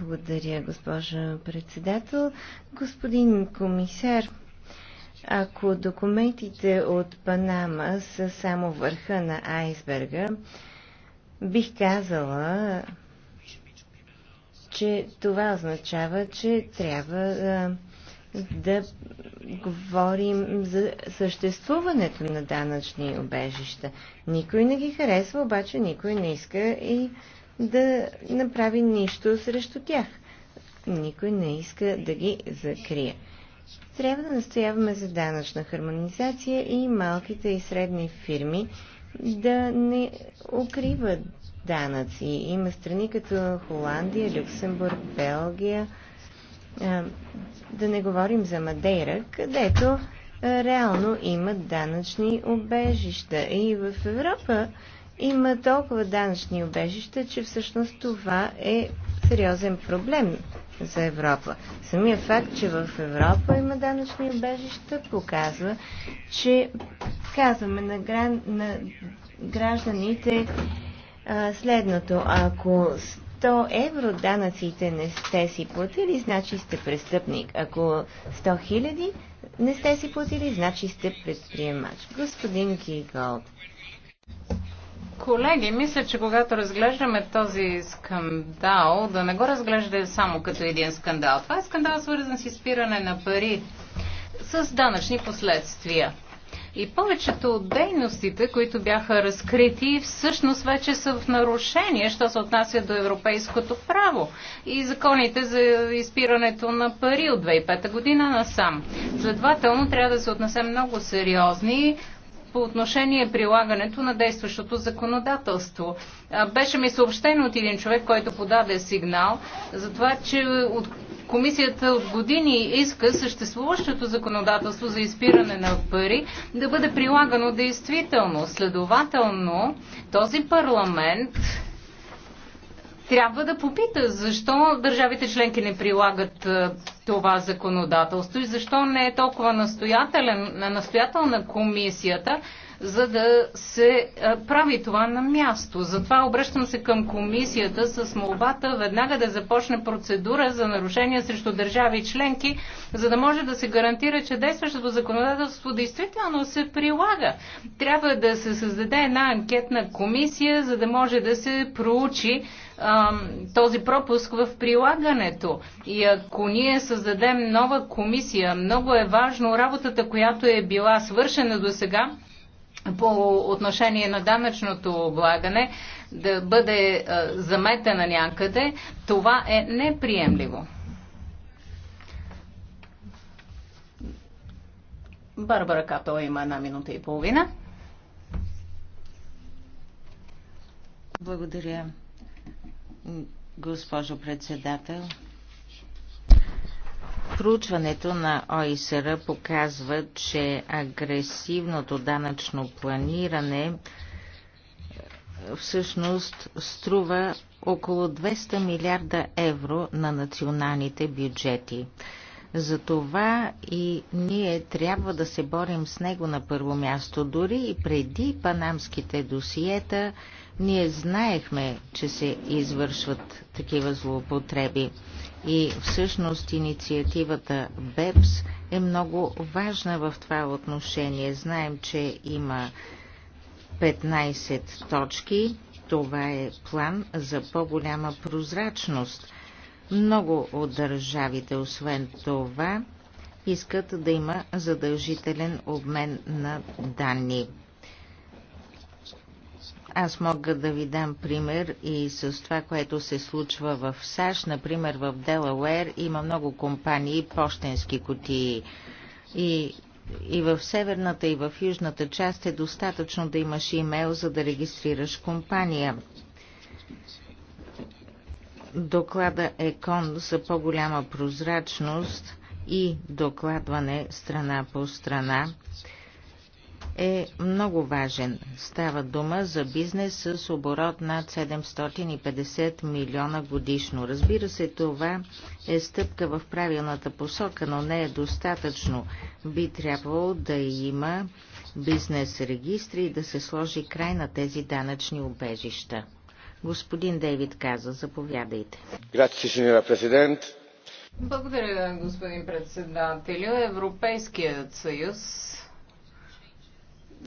Благодаря, госпожа председател. Господин комисар, ако документите от Панама са само върха на айсберга, бих казала, че това означава, че трябва да, да говорим за съществуването на данъчни обежища. Никой не ги харесва, обаче никой не иска и да направи нищо срещу тях. Никой не иска да ги закрие. Трябва да настояваме за данъчна хармонизация и малките и средни фирми да не укриват данъци. Има страни като Холандия, Люксембург, Белгия, да не говорим за Мадейра, където реално имат данъчни обежища. И в Европа има толкова данъчни обежища, че всъщност това е сериозен проблем за Европа. Самия факт, че в Европа има данъчни обежища, показва, че казваме на, гран... на гражданите а, следното. Ако 100 евро данъците не сте си платили, значи сте престъпник. Ако 100 хиляди не сте си платили, значи сте предприемач. Господин Кигол, Колеги, мисля, че когато разглеждаме този скандал, да не го разглежда само като един скандал. Това е скандал свързан с изпиране на пари с данъчни последствия. И повечето от дейностите, които бяха разкрити, всъщност вече са в нарушение, що се отнася до европейското право и законите за изпирането на пари от 2005 година насам. Следователно трябва да се отнесем много сериозни по отношение прилагането на действащото законодателство. Беше ми съобщено от един човек, който подаде сигнал за това, че от комисията от години иска съществуващото законодателство за изпиране на пари да бъде прилагано действително. Следователно, този парламент трябва да попита защо държавите членки не прилагат е, това законодателство и защо не е толкова настоятелна комисията, за да се е, прави това на място. Затова обръщам се към комисията с молбата веднага да започне процедура за нарушения срещу държави и членки, за да може да се гарантира, че действащото законодателство действително се прилага. Трябва да се създаде една анкетна комисия, за да може да се проучи този пропуск в прилагането. И ако ние създадем нова комисия, много е важно работата, която е била свършена до сега по отношение на данъчното облагане, да бъде а, заметена някъде, това е неприемливо. Барбара Капел има една минута и половина. Благодаря. Госпожо председател, проучването на ОИСР показва, че агресивното данъчно планиране е, всъщност струва около 200 милиарда евро на националните бюджети. Затова и ние трябва да се борим с него на първо място, дори и преди панамските досиета – ние знаехме, че се извършват такива злоупотреби и всъщност инициативата БЕПС е много важна в това отношение. Знаем, че има 15 точки. Това е план за по-голяма прозрачност. Много от държавите, освен това, искат да има задължителен обмен на данни. Аз мога да ви дам пример и с това, което се случва в САЩ. Например, в Делауер има много компании, почтенски кутии. И, и в северната и в южната част е достатъчно да имаш имейл, за да регистрираш компания. Доклада ЕКОН за по-голяма прозрачност и докладване страна по страна е много важен. Става дума за бизнес с оборот над 750 милиона годишно. Разбира се, това е стъпка в правилната посока, но не е достатъчно. Би трябвало да има бизнес регистри и да се сложи край на тези данъчни убежища. Господин Дейвид каза, заповядайте. президент. Благодаря, господин председател. Европейският съюз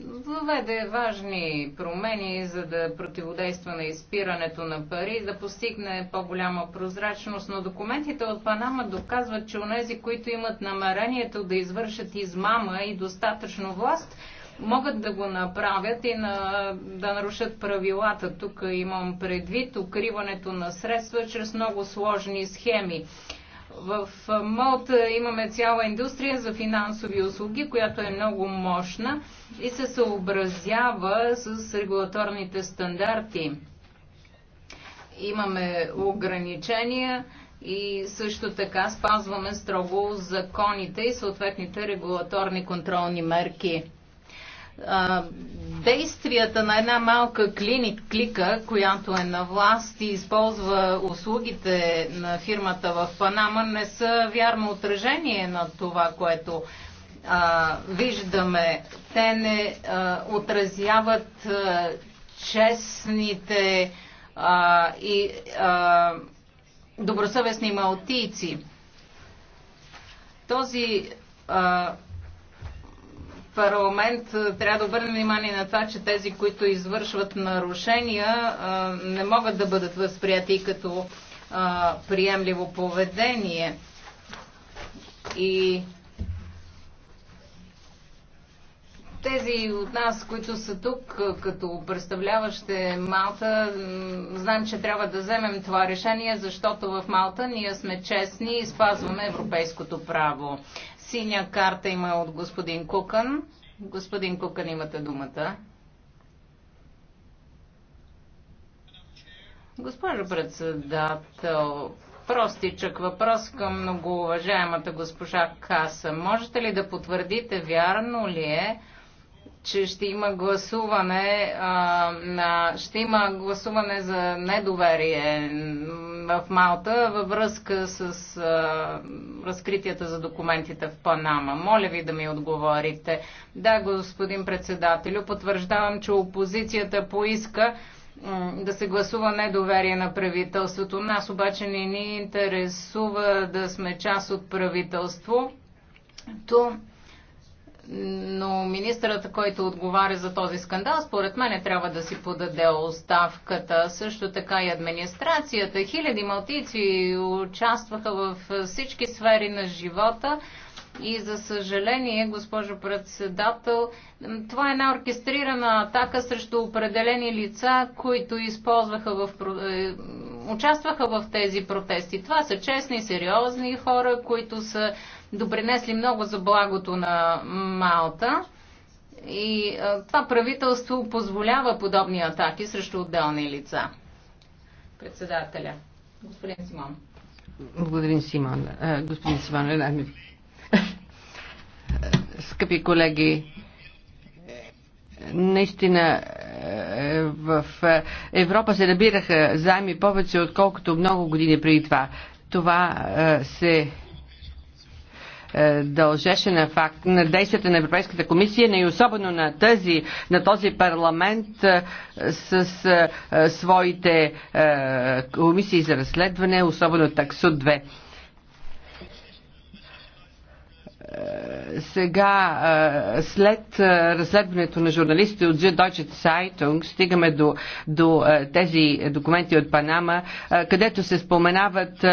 въведе важни промени, за да противодейства на изпирането на пари, да постигне по-голяма прозрачност, но документите от Панама доказват, че онези, които имат намерението да извършат измама и достатъчно власт, могат да го направят и на, да нарушат правилата. Тук имам предвид укриването на средства чрез много сложни схеми. В МОД имаме цяла индустрия за финансови услуги, която е много мощна и се съобразява с регулаторните стандарти. Имаме ограничения и също така спазваме строго законите и съответните регулаторни контролни мерки а, действията на една малка клиник, клика, която е на власт и използва услугите на фирмата в Панама, не са вярно отражение на това, което а, виждаме. Те не а, отразяват а, честните а, и а, добросъвестни малтийци. Този а, парламент трябва да обърне внимание на това, че тези, които извършват нарушения, не могат да бъдат възприяти като приемливо поведение. И тези от нас, които са тук като представляващи Малта, знаем, че трябва да вземем това решение, защото в Малта ние сме честни и спазваме европейското право. Синя карта има от господин Кукън. Господин Кукън, имате думата. Госпожо председател, простичък въпрос към многоуважаемата госпожа Каса. Можете ли да потвърдите, вярно ли е, че ще има гласуване, а, на, ще има гласуване за недоверие в Малта във връзка с а, разкритията за документите в Панама. Моля ви да ми отговорите. Да, господин председателю, потвърждавам, че опозицията поиска да се гласува недоверие на правителството. Нас обаче не ни интересува да сме част от правителството но министърът, който отговаря за този скандал, според мен трябва да си подаде оставката. Също така и администрацията. Хиляди малтийци участваха в всички сфери на живота. И за съжаление, госпожо председател, това е една оркестрирана атака срещу определени лица, които използваха в, е, участваха в тези протести. Това са честни, сериозни хора, които са допринесли много за благото на Малта. И а, това правителство позволява подобни атаки срещу отделни лица. Председателя. Господин Симон. Благодарим, Симон. Господин Симон, една [LAUGHS] Скъпи колеги, наистина в Европа се набираха заеми повече, отколкото много години преди това. Това се е, дължеше на, факт, на действията на Европейската комисия, но и особено на, тази, на този парламент е, с е, своите комисии за разследване, особено таксо 2. сега, след разследването на журналистите от Deutsche Zeitung, стигаме до, до тези документи от Панама, където се споменават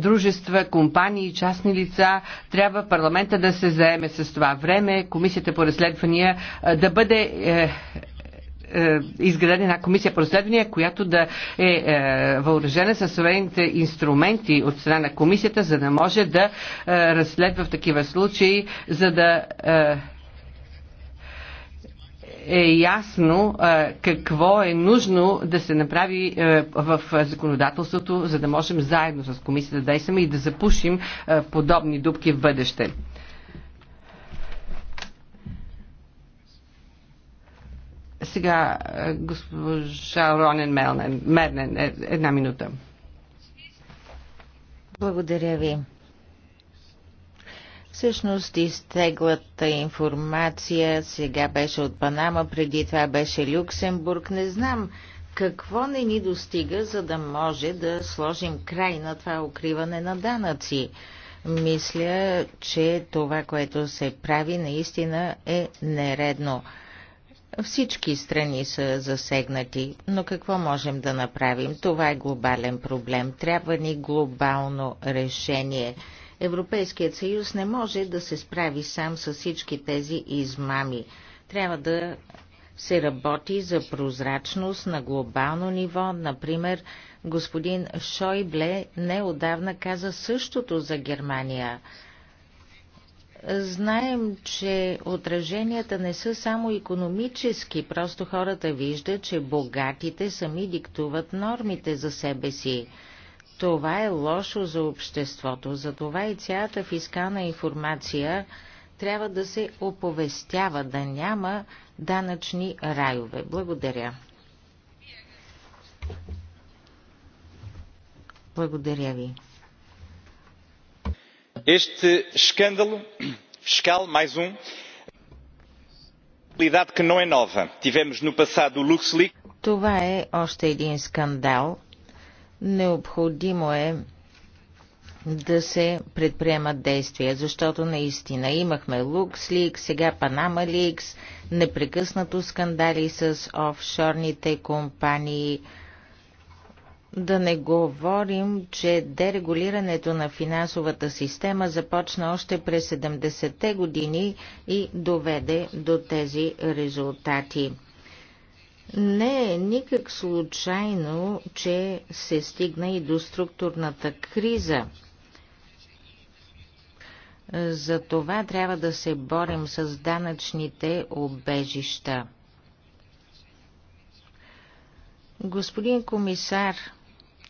дружества, компании, частни лица. Трябва парламента да се заеме с това време, комисията по разследвания да бъде е, е, изградена една комисия по разследвания, която да е, е въоръжена със съвременните инструменти от страна на комисията, за да може да е, разследва в такива случаи, за да е ясно какво е нужно да се направи в законодателството, за да можем заедно с комисията да действаме и да запушим подобни дубки в бъдеще. Сега е, госпожа Ронен Мернен, Мернен една минута. Благодаря ви. Всъщност изтеглата информация сега беше от Панама, преди това беше Люксембург. Не знам какво не ни достига, за да може да сложим край на това укриване на данъци. Мисля, че това, което се прави, наистина е нередно. Всички страни са засегнати, но какво можем да направим? Това е глобален проблем. Трябва ни глобално решение. Европейският съюз не може да се справи сам с всички тези измами. Трябва да се работи за прозрачност на глобално ниво. Например, господин Шойбле неодавна каза същото за Германия. Знаем, че отраженията не са само економически, просто хората виждат, че богатите сами диктуват нормите за себе си. Това е лошо за обществото, затова и цялата фискална информация трябва да се оповестява, да няма данъчни райове. Благодаря. Благодаря ви este escândalo fiscal mais um realidade que não é nova. Tivemos no passado o LuxLeaks. Това е още един скандал. Необходимо е да се предприемат действия, защото наистина имахме LuxLeaks, сега панама ликс непрекъснато скандали с офшорните компании – да не говорим, че дерегулирането на финансовата система започна още през 70-те години и доведе до тези резултати. Не е никак случайно, че се стигна и до структурната криза. За това трябва да се борим с данъчните обежища. Господин комисар,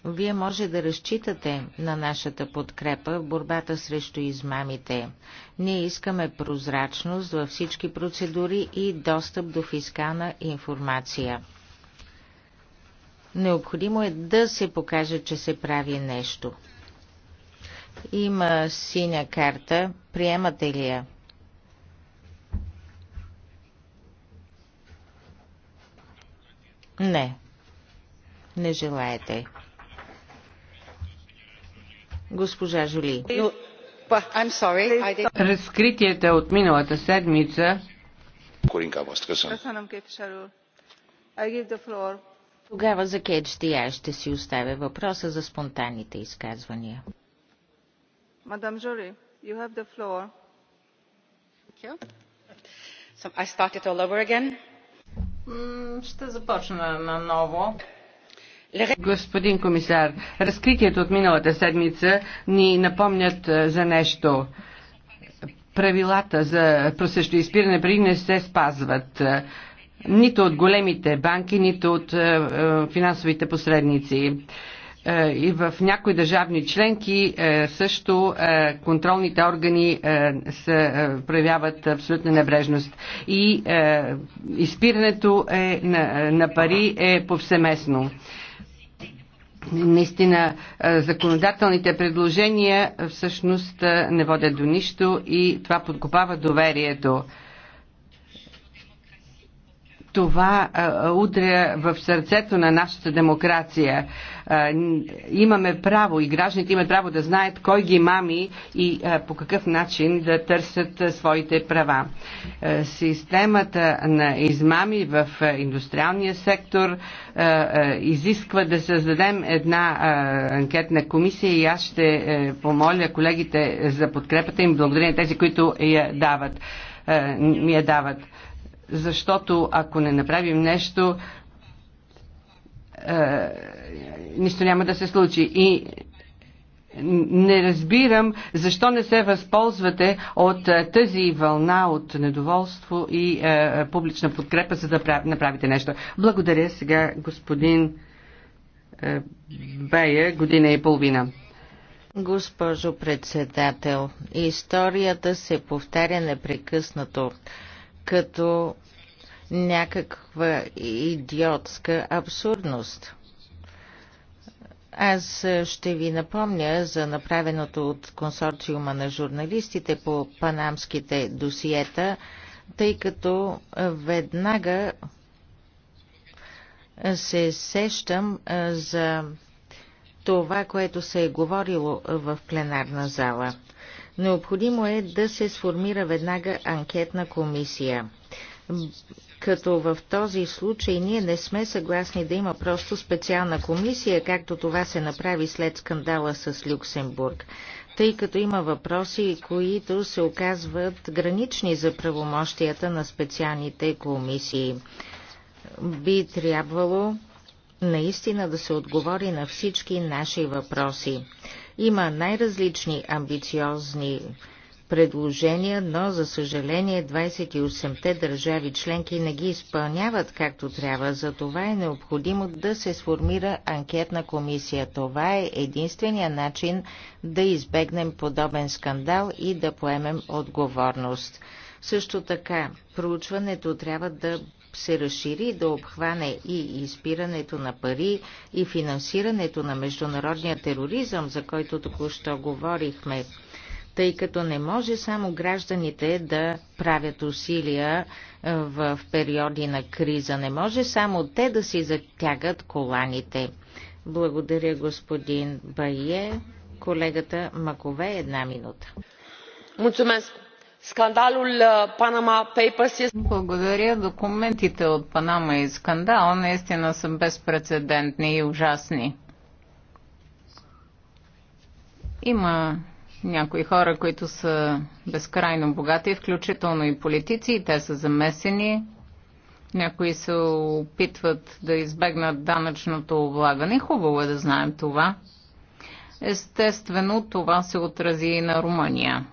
вие може да разчитате на нашата подкрепа в борбата срещу измамите. Ние искаме прозрачност във всички процедури и достъп до фискална информация. Необходимо е да се покаже, че се прави нещо. Има синя карта. Приемате ли я? Не. Не желаете. Госпожа Жули. Разкритията от миналата седмица тогава за Кечдия ще си оставя въпроса за спонтанните изказвания. Мадам Жори, you have the floor. Thank you. So I started all over again. Mm, Ще започна наново. Господин комисар, разкритието от миналата седмица ни напомнят е, за нещо. Правилата за просещо изпиране пари не се спазват е, нито от големите банки, нито от е, финансовите посредници и в някои държавни членки също контролните органи се проявяват абсолютна небрежност. И изпирането е, на, на пари е повсеместно наистина законодателните предложения всъщност не водят до нищо и това подкопава доверието това удря в сърцето на нашата демокрация. Имаме право и гражданите имат право да знаят кой ги мами и по какъв начин да търсят своите права. Системата на измами в индустриалния сектор изисква да създадем една анкетна комисия и аз ще е, помоля колегите за подкрепата им. Благодаря на тези, които я дават, е, ми я дават защото ако не направим нещо, е, нищо няма да се случи. И не разбирам защо не се възползвате от е, тази вълна от недоволство и е, публична подкрепа, за да направите нещо. Благодаря сега господин е, Бея, година и половина. Госпожо председател, историята се повтаря непрекъснато като някаква идиотска абсурдност. Аз ще ви напомня за направеното от консорциума на журналистите по панамските досиета, тъй като веднага се сещам за това, което се е говорило в пленарна зала. Необходимо е да се сформира веднага анкетна комисия. Като в този случай ние не сме съгласни да има просто специална комисия, както това се направи след скандала с Люксембург тъй като има въпроси, които се оказват гранични за правомощията на специалните комисии. Би трябвало наистина да се отговори на всички наши въпроси. Има най-различни амбициозни предложения, но за съжаление 28-те държави членки не ги изпълняват както трябва. За това е необходимо да се сформира анкетна комисия. Това е единствения начин да избегнем подобен скандал и да поемем отговорност. Също така, проучването трябва да се разшири да обхване и изпирането на пари и финансирането на международния тероризъм, за който току-що говорихме, тъй като не може само гражданите да правят усилия е, в периоди на криза, не може само те да си затягат коланите. Благодаря, господин Бае. Колегата Макове, една минута. Mulțumesc скандалul е, Panama Papers este... Е- Благодаря. Документите от Панама и скандал наистина са безпредседентни и ужасни. Има някои хора, които са безкрайно богати, включително и политици, и те са замесени. Някои се опитват да избегнат данъчното облагане. Хубаво е да знаем това. Естествено, това се отрази и на Румъния.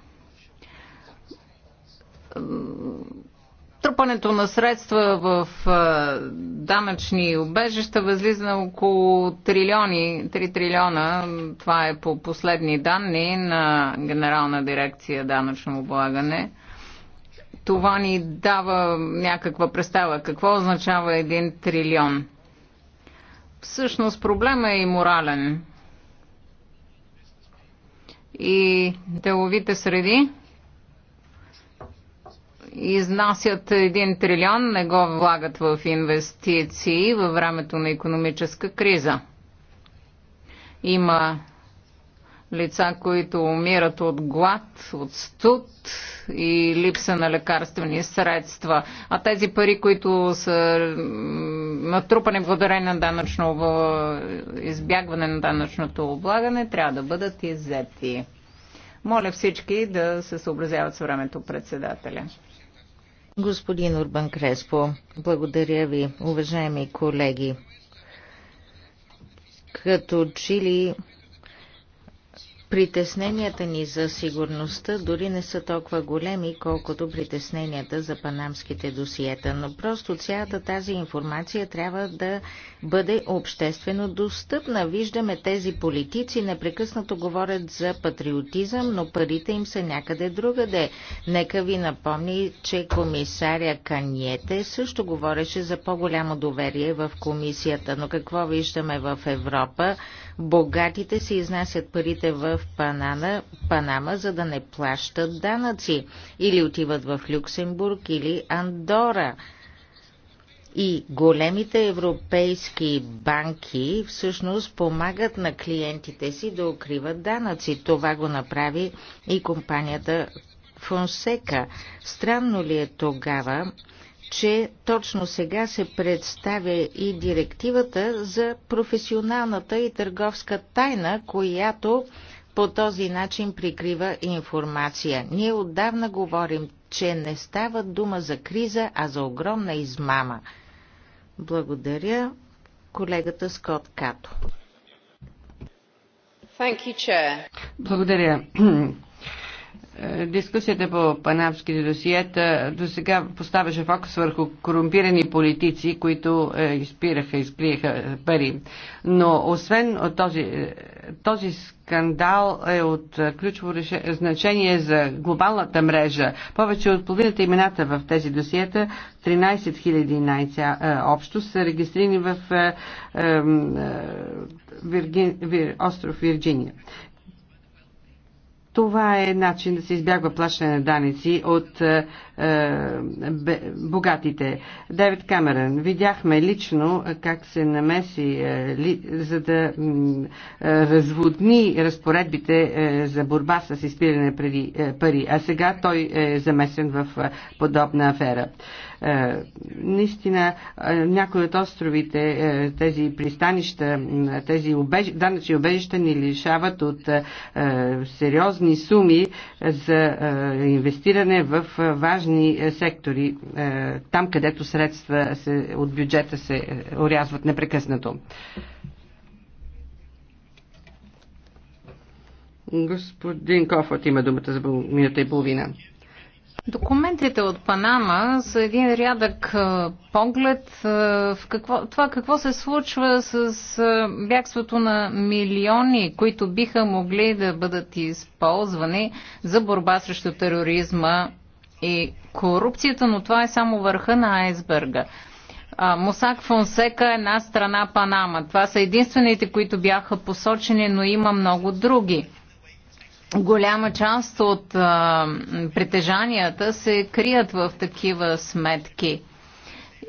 Трупането на средства в данъчни обежища възлиза на около трилиони, 3 трилиона. Това е по последни данни на Генерална дирекция данъчно облагане. Това ни дава някаква представа. Какво означава един трилион? Всъщност проблема е и морален. И деловите среди изнасят един трилион, не го влагат в инвестиции във времето на економическа криза. Има лица, които умират от глад, от студ и липса на лекарствени средства. А тези пари, които са натрупани благодарение на данъчно избягване на данъчното облагане, трябва да бъдат иззети. Моля всички да се съобразяват с времето председателя. Господин Урбан Креспо, благодаря ви, уважаеми колеги. Като чили Притесненията ни за сигурността дори не са толкова големи, колкото притесненията за панамските досиета, но просто цялата тази информация трябва да бъде обществено достъпна. Виждаме тези политици непрекъснато говорят за патриотизъм, но парите им са някъде другаде. Нека ви напомни, че комисаря Каньете също говореше за по-голямо доверие в комисията, но какво виждаме в Европа? Богатите си изнасят парите в Панана, Панама, за да не плащат данъци. Или отиват в Люксембург или Андора. И големите европейски банки всъщност помагат на клиентите си да укриват данъци. Това го направи и компанията Фонсека. Странно ли е тогава, че точно сега се представя и директивата за професионалната и търговска тайна, която по този начин прикрива информация. Ние отдавна говорим, че не става дума за криза, а за огромна измама. Благодаря колегата Скот Като. Благодаря, е, дискусията по панамските досиета до сега поставяше фокус върху корумпирани политици, които е, изпираха, изкриеха е, пари. Но освен от този, този скандал е от ключово значение за глобалната мрежа. Повече от половината имената в тези досиета, 13 000 найца общо, са регистрирани в Виргин, Вир, остров Вирджиния. Това е начин да се избягва плащане на данници от е, е, бе, богатите. Девет Камерън, видяхме лично как се намеси, е, ли, за да е, разводни разпоредбите е, за борба с изпиране преди е, пари, а сега той е замесен в е, подобна афера. Е, е, наистина, е, някои от островите, е, тези пристанища, тези обеж... данъчни обежища ни лишават от сериозни суми за инвестиране в важни сектори, там където средства се, от бюджета се орязват непрекъснато. Господин Кофът има думата за минута и половина. Документите от Панама са един рядък поглед в какво, това какво се случва с бягството на милиони, които биха могли да бъдат използвани за борба срещу тероризма и корупцията, но това е само върха на айсберга. Мосак Фонсека е една страна Панама. Това са единствените, които бяха посочени, но има много други голяма част от а, притежанията се крият в такива сметки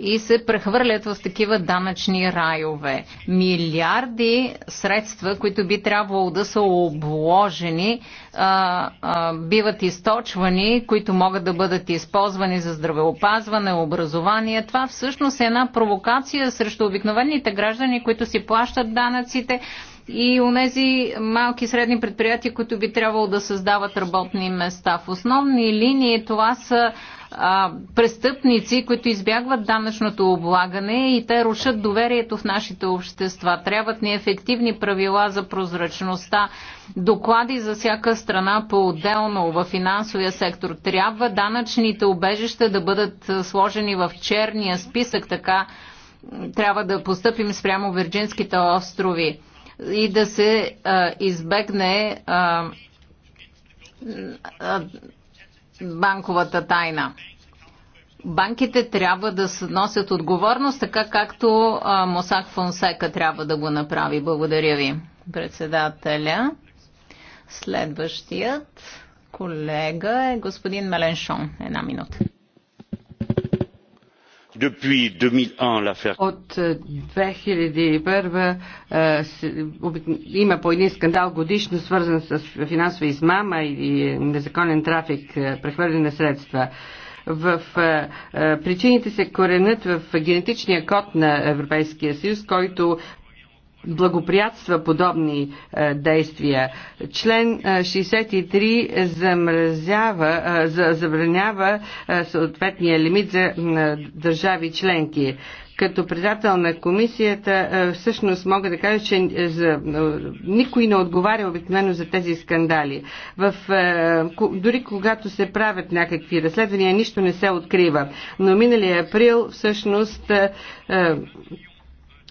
и се прехвърлят в такива данъчни райове. Милиарди средства, които би трябвало да са обложени, а, а, биват източвани, които могат да бъдат използвани за здравеопазване, образование. Това всъщност е една провокация срещу обикновените граждани, които си плащат данъците и онези малки и средни предприятия, които би трябвало да създават работни места. В основни линии това са а, престъпници, които избягват данъчното облагане и те рушат доверието в нашите общества. Трябват ни ефективни правила за прозрачността, доклади за всяка страна по-отделно в финансовия сектор. Трябва данъчните обежища да бъдат сложени в черния списък, така трябва да поступим спрямо Вирджинските острови и да се а, избегне а, а, банковата тайна. Банките трябва да носят отговорност, така както а, Мосак Фонсека трябва да го направи. Благодаря ви, председателя. Следващият колега е господин Меленшон. Една минута. От 2001 е, е, има по един скандал годишно, свързан с финансова измама и незаконен трафик, е, прехвърляне на средства в причините се коренят в генетичния код на Европейския съюз, който благоприятства подобни е, действия. Член 63 е, замразява, е, за, забранява е, съответния лимит за е, държави членки. Като председател на комисията, е, всъщност мога да кажа, че е, за, е, никой не отговаря обикновено за тези скандали. В, е, ко, дори когато се правят някакви разследвания, нищо не се открива. Но миналия април всъщност е, е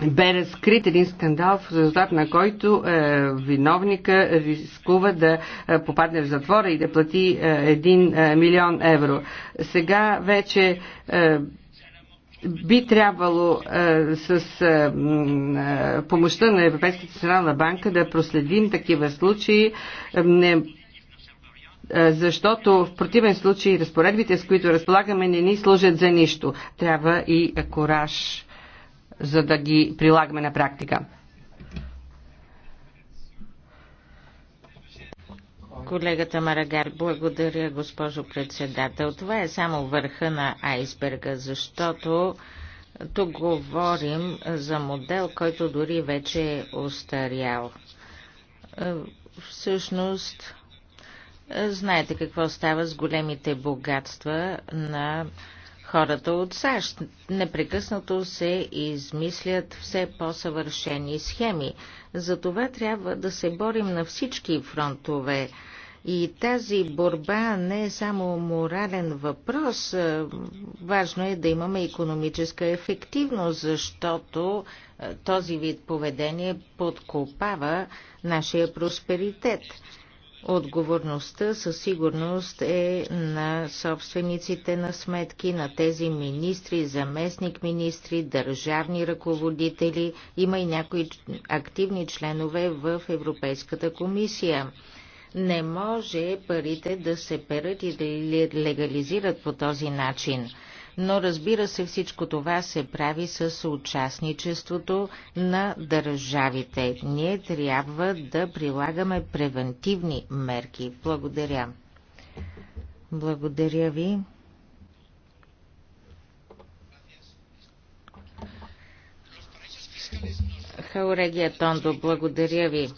бе разкрит един скандал, в резултат на който е, виновника рискува да е, попадне в затвора и да плати е, 1 е, милион евро. Сега вече е, би трябвало е, с е, е помощта на Европейската централна банка да проследим такива случаи. Е, не, защото в противен случай разпоредбите, с които разполагаме, не ни служат за нищо. Трябва и кораж за да ги прилагаме на практика. Колегата Марагар, благодаря, госпожо председател. Това е само върха на айсберга, защото тук говорим за модел, който дори вече е остарял. Е, всъщност, знаете какво става с големите богатства на хората от САЩ. Непрекъснато се измислят все по-съвършени схеми. За това трябва да се борим на всички фронтове. И тази борба не е само морален въпрос. Е, важно е да имаме економическа ефективност, защото е, този вид поведение подкопава нашия просперитет. Отговорността със сигурност е на собствениците на сметки, на тези министри, заместник-министри, държавни ръководители. Има и някои активни членове в Европейската комисия. Не може парите да се перат и да легализират по този начин но разбира се всичко това се прави с участничеството на държавите. Ние трябва да прилагаме превентивни мерки. Благодаря. Благодаря ви. Хаурегия Тондо, благодаря ви.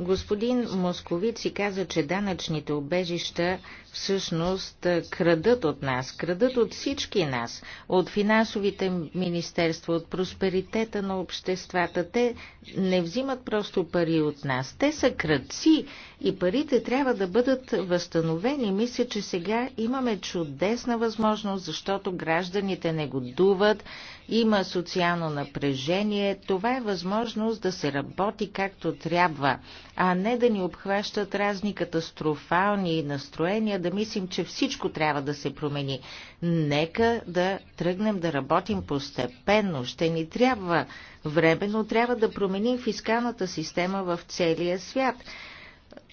Господин Московици каза, че данъчните обежища всъщност е, крадат от нас, крадат от всички нас, от финансовите министерства, от просперитета на обществата. Те не взимат просто пари от нас. Те са кръци и парите трябва да бъдат възстановени. Мисля, че сега имаме чудесна възможност, защото гражданите не годуват има социално напрежение, това е възможност да се работи както трябва, а не да ни обхващат разни катастрофални настроения, да мислим, че всичко трябва да се промени. Нека да тръгнем да работим постепенно. Ще ни трябва време, но трябва да променим фискалната система в целия свят.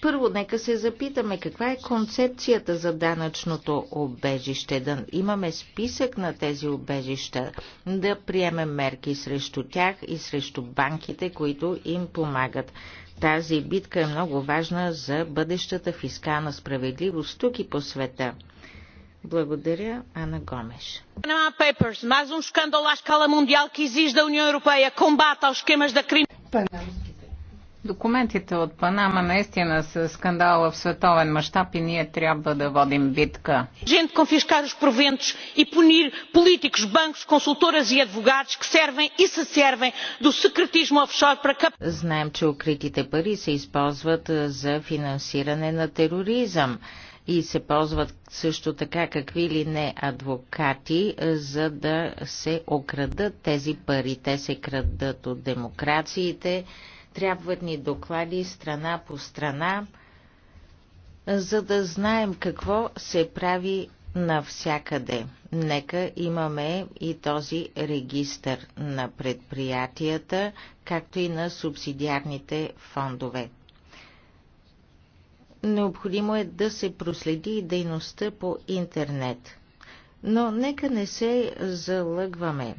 Първо, нека се запитаме каква е концепцията за данъчното обежище. Да имаме списък на тези обежища, да приемем мерки срещу тях и срещу банките, които им помагат. Тази битка е много важна за бъдещата фискална справедливост тук и по света. Благодаря, Ана Гомеш. Панама Papers, Документите от Панама наистина са скандала в световен мащаб и ние трябва да водим битка. с confiscar и proventos политик с банк, с consultoras e адвокат с сервен и се servem do secretismo offshore para Знаем, че укритите пари се използват за финансиране на тероризъм и се ползват също така какви ли не адвокати, за да се окрадат тези пари. Те се крадат от демокрациите, Трябват ни доклади страна по страна, за да знаем какво се прави навсякъде. Нека имаме и този регистър на предприятията, както и на субсидиарните фондове. Необходимо е да се проследи и дейността по интернет. Но нека не се залъгваме.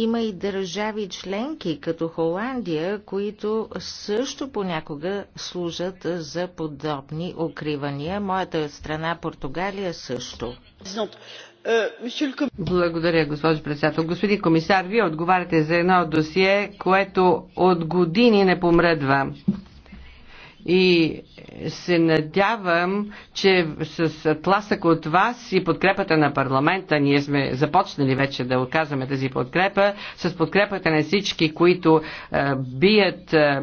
Има и държави членки, като Холандия, които също понякога служат за подобни укривания. Моята страна Португалия също. Благодаря, госпожо председател. Господин комисар, вие отговаряте за едно досие, което от години не помръдва. И се надявам, че с тласък от вас и подкрепата на парламента, ние сме започнали вече да оказваме тази подкрепа, с подкрепата на всички, които е, бият, е, е,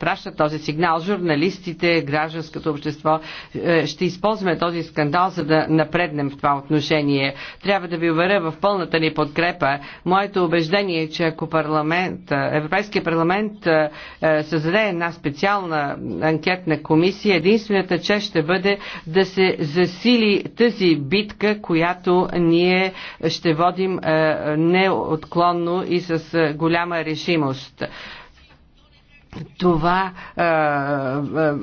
пращат този сигнал, журналистите, гражданското общество, е, ще използваме този скандал, за да напреднем в това отношение. Трябва да ви уверя в пълната ни подкрепа. Моето убеждение е, че ако парламент, е, Европейския парламент е, е, създаде една специална анкета, анкетна комисия, единствената чест ще бъде да се засили тази битка, която ние ще водим е, неотклонно и с е, голяма решимост това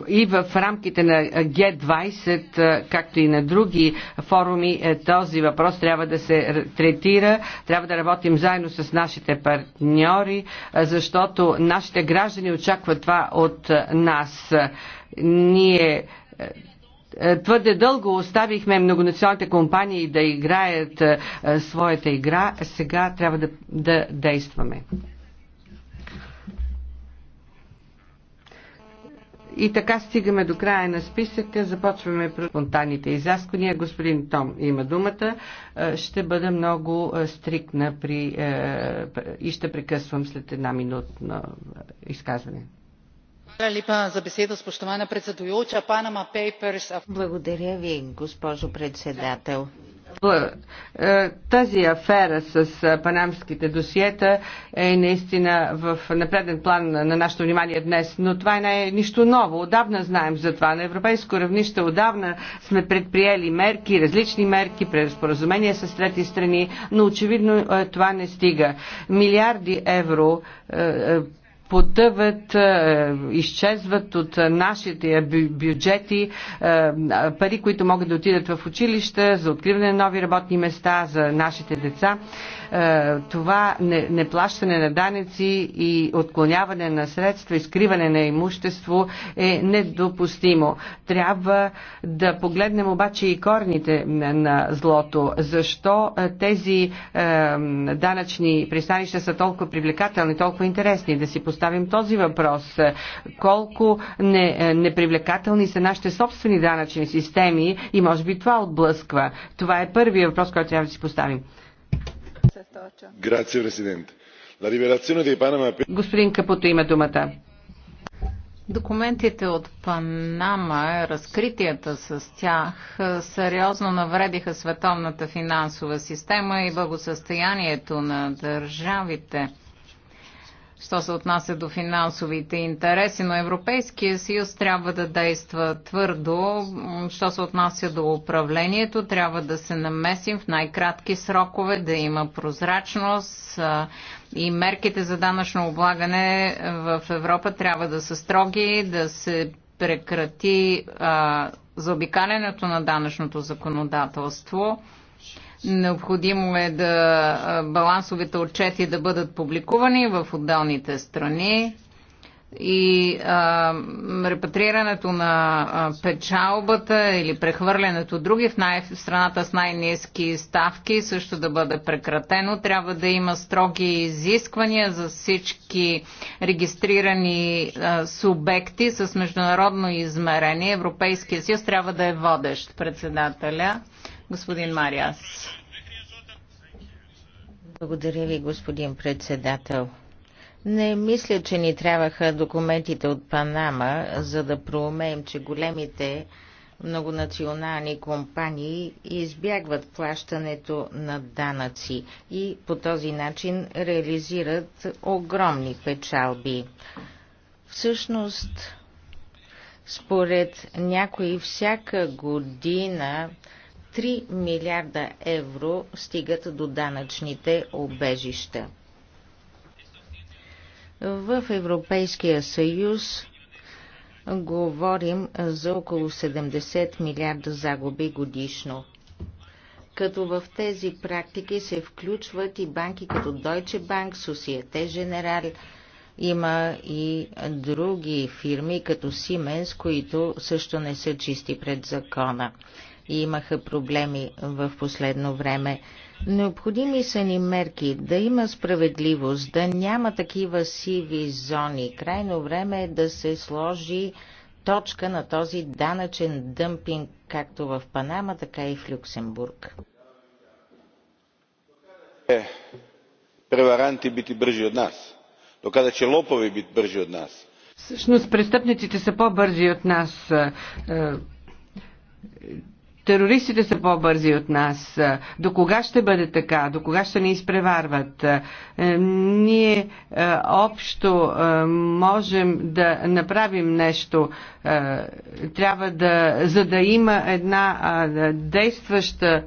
и в рамките на Г20, както и на други форуми, е, този въпрос трябва да се третира. Трябва да работим заедно с нашите партньори, защото нашите граждани очакват това от нас. Ние е, е, твърде дълго оставихме многонационалните компании да играят своята игра. Сега трябва да, да действаме. И така стигаме до края на списъка. Започваме при спонтанните изясквания. Господин Том има думата. Е, ще бъда много е, стрикна при, е, и ще прекъсвам след една минутно изказване. Благодаря ви, госпожо председател. Е, тази афера с е, панамските досиета е наистина в напреден план на нашето внимание днес, но това не е нищо ново. Отдавна знаем за това. На европейско равнище отдавна сме предприели мерки, различни мерки, преразпоразумения с трети страни, но очевидно е, това не стига. Милиарди евро потъват, е, изчезват от нашите бюджети е, пари, които могат да отидат в училища, за откриване на нови работни места за нашите деца. Е, това неплащане на данъци и отклоняване на средства, и скриване на имущество е недопустимо. Трябва да погледнем обаче и корните на злото. Защо е, тези е, данъчни пристанища са толкова привлекателни, толкова интересни? Да си поставим този въпрос. Колко непривлекателни са нашите собствени данъчни системи и може би това отблъсква. Това е първият въпрос, който трябва да си поставим. Господин Капото има думата. Документите от Панама, разкритията с тях, е, сериозно навредиха световната финансова система и благосъстоянието на държавите що се отнася до финансовите интереси, но Европейския съюз трябва да действа твърдо, що се отнася до управлението, трябва да се намесим в най-кратки срокове, да има прозрачност и мерките за данъчно облагане в Европа трябва да са строги, да се прекрати заобикалянето на данъчното законодателство Необходимо е да балансовите отчети да бъдат публикувани в отделните страни и а, репатрирането на а, печалбата или прехвърлянето други в, най- в страната с най-низки ставки също да бъде прекратено. Трябва да има строги изисквания за всички регистрирани а, субекти с международно измерение. Европейския съюз трябва да е водещ председателя господин Мариас. Благодаря ви, господин председател. Не мисля, че ни трябваха документите от Панама, за да проумеем, че големите многонационални компании избягват плащането на данъци и по този начин реализират огромни печалби. Всъщност, според някои всяка година 3 милиарда евро стигат до данъчните обежища. В Европейския съюз говорим за около 70 милиарда загуби годишно. Като в тези практики се включват и банки като Deutsche Bank, Societe General, има и други фирми като Siemens, които също не са чисти пред закона и имаха проблеми в последно време. Необходими са ни мерки, да има справедливост, да няма такива сиви зони. Крайно време е да се сложи точка на този данъчен дъмпинг, както в Панама, така и в Люксембург. Е, преваранти бити бържи от нас. Доказа, че лопови бит бържи от нас. Всъщност престъпниците са по-бързи от нас. Е, е, Терористите са по-бързи от нас. До кога ще бъде така? До кога ще ни изпреварват? Е, ние е, общо е, можем да направим нещо. Трябва да, за да има една действаща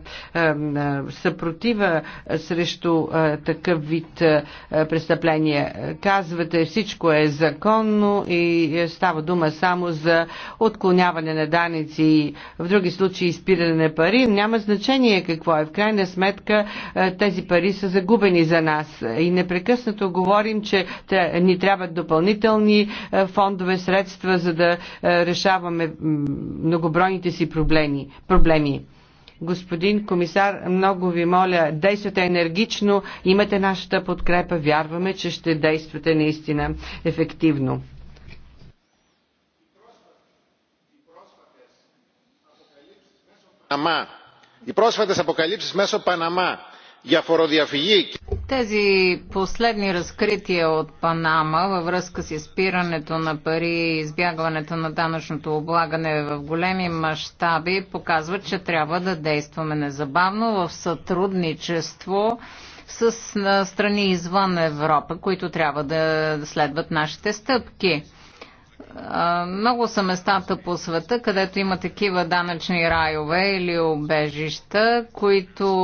съпротива срещу такъв вид престъпления. Казвате, всичко е законно и става дума само за отклоняване на даници и в други случаи изпиране изпиране на пари, няма значение какво е. В крайна сметка е, тези пари са загубени за нас. И непрекъснато говорим, че ни трябват допълнителни е, фондове, средства, за да е, решаваме многобройните си проблеми. проблеми. Господин комисар, много ви моля, действате енергично, имате нашата подкрепа, вярваме, че ще действате наистина ефективно. Παναμά. Οι πρόσφατες αποκαλύψεις μέσω Παναμά για φοροδιαφυγή. Тези последни разкрития от Панама във връзка с изпирането на пари и избягването на данъчното облагане в големи мащаби показват, че трябва да действаме незабавно в сътрудничество с страни извън Европа, които трябва да следват нашите стъпки. Много са местата по света, където има такива данъчни райове или обежища, които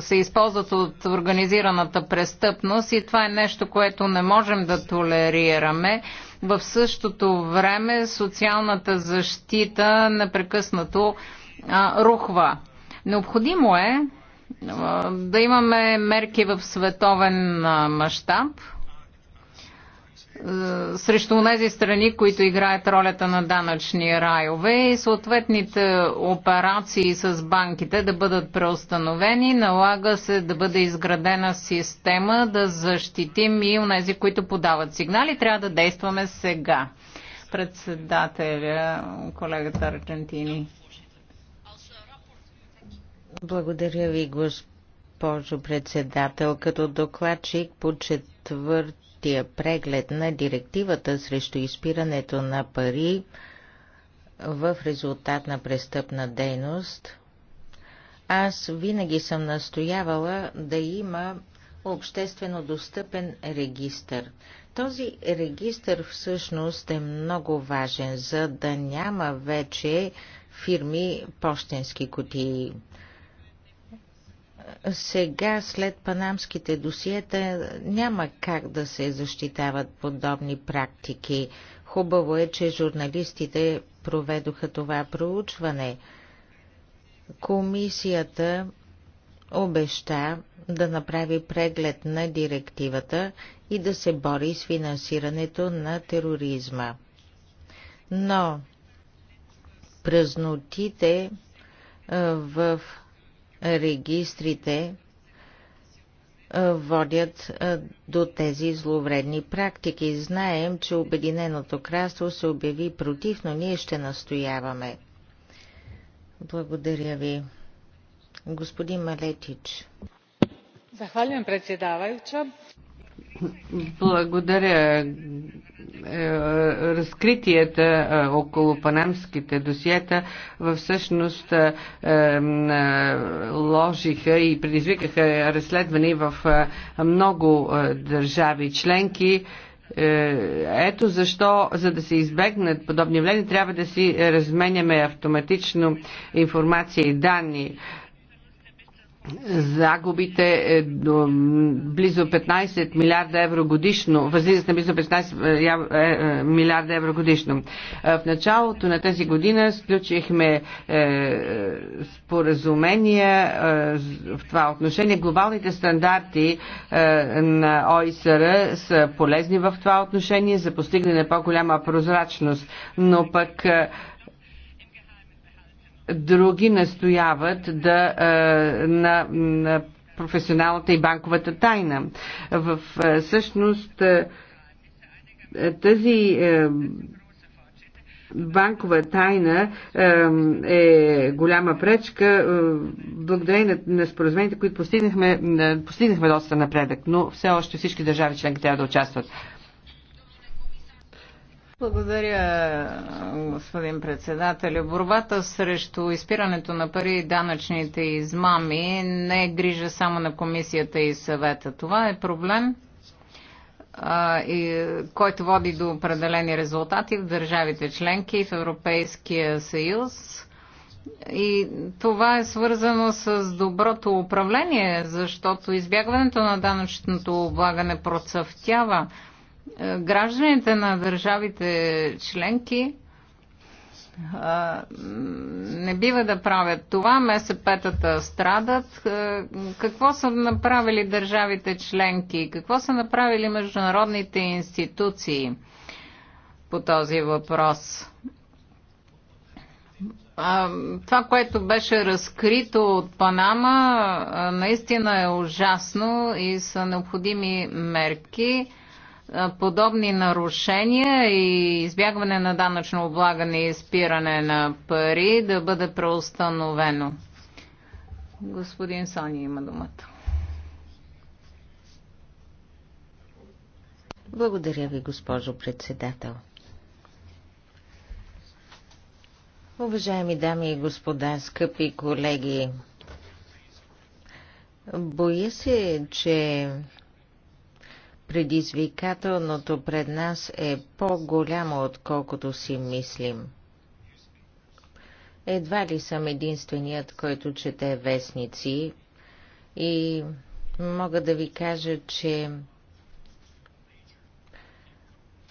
се използват от организираната престъпност и това е нещо, което не можем да толерираме. В същото време социалната защита непрекъснато рухва. Необходимо е да имаме мерки в световен мащаб, е, срещу тези страни, които играят ролята на данъчни райове и съответните операции с банките да бъдат преустановени. Налага се да бъде изградена система да защитим и тези, които подават сигнали. Трябва да действаме сега. Председателя, колегата Аргентини. Благодаря ви, госпожо председател, като докладчик по четвърт предстоящия преглед на директивата срещу изпирането на пари в резултат на престъпна дейност, аз винаги съм настоявала да има обществено достъпен регистър. Този регистър всъщност е много важен, за да няма вече фирми почтенски кутии. Сега, след панамските досиета, няма как да се защитават подобни практики. Хубаво е, че журналистите проведоха това проучване. Комисията обеща да направи преглед на директивата и да се бори с финансирането на тероризма. Но празнотите в регистрите водят до тези зловредни практики. Знаем, че Обединеното кралство се обяви против, но ние ще настояваме. Благодаря ви. Господин Малетич. Захвалям председавача. Благодаря. Е, разкритията е, около панамските досиета е, всъщност ложиха и предизвикаха разследване в много държави членки. Ето защо, за да се избегнат подобни влияния, трябва да си разменяме автоматично информация и данни загубите е, до близо 15 милиарда евро годишно, възлизат на близо 15 е, е, милиарда евро годишно. В началото на тази година сключихме споразумения в това отношение. Глобалните стандарти на ОИСР са полезни в това отношение за постигане на по-голяма прозрачност, но пък други настояват да, е, на, на професионалната и банковата тайна. В е, същност е, тази банкова тайна е голяма пречка. Благодарение на споразумените, които постигнахме, постигнахме доста напредък, но все още всички държави членки трябва да участват. Благодаря, господин председател. Борбата срещу изпирането на пари и данъчните измами не е грижа само на комисията и съвета. Това е проблем, който води до определени резултати в държавите членки и в Европейския съюз. И това е свързано с доброто управление, защото избягването на данъчното облагане процъфтява е, гражданите на държавите членки е, не бива да правят това. МСП-тата страдат. Е, какво са направили държавите членки? Какво са направили международните институции по този въпрос? Това, което беше разкрито от Панама, наистина е ужасно и са необходими мерки подобни нарушения и избягване на данъчно облагане и спиране на пари да бъде преустановено. Господин Сони има думата. Благодаря ви, госпожо председател. Уважаеми дами и господа, скъпи колеги, боя се, че Предизвикателното пред нас е по-голямо, отколкото си мислим. Едва ли съм единственият, който чете вестници и мога да ви кажа, че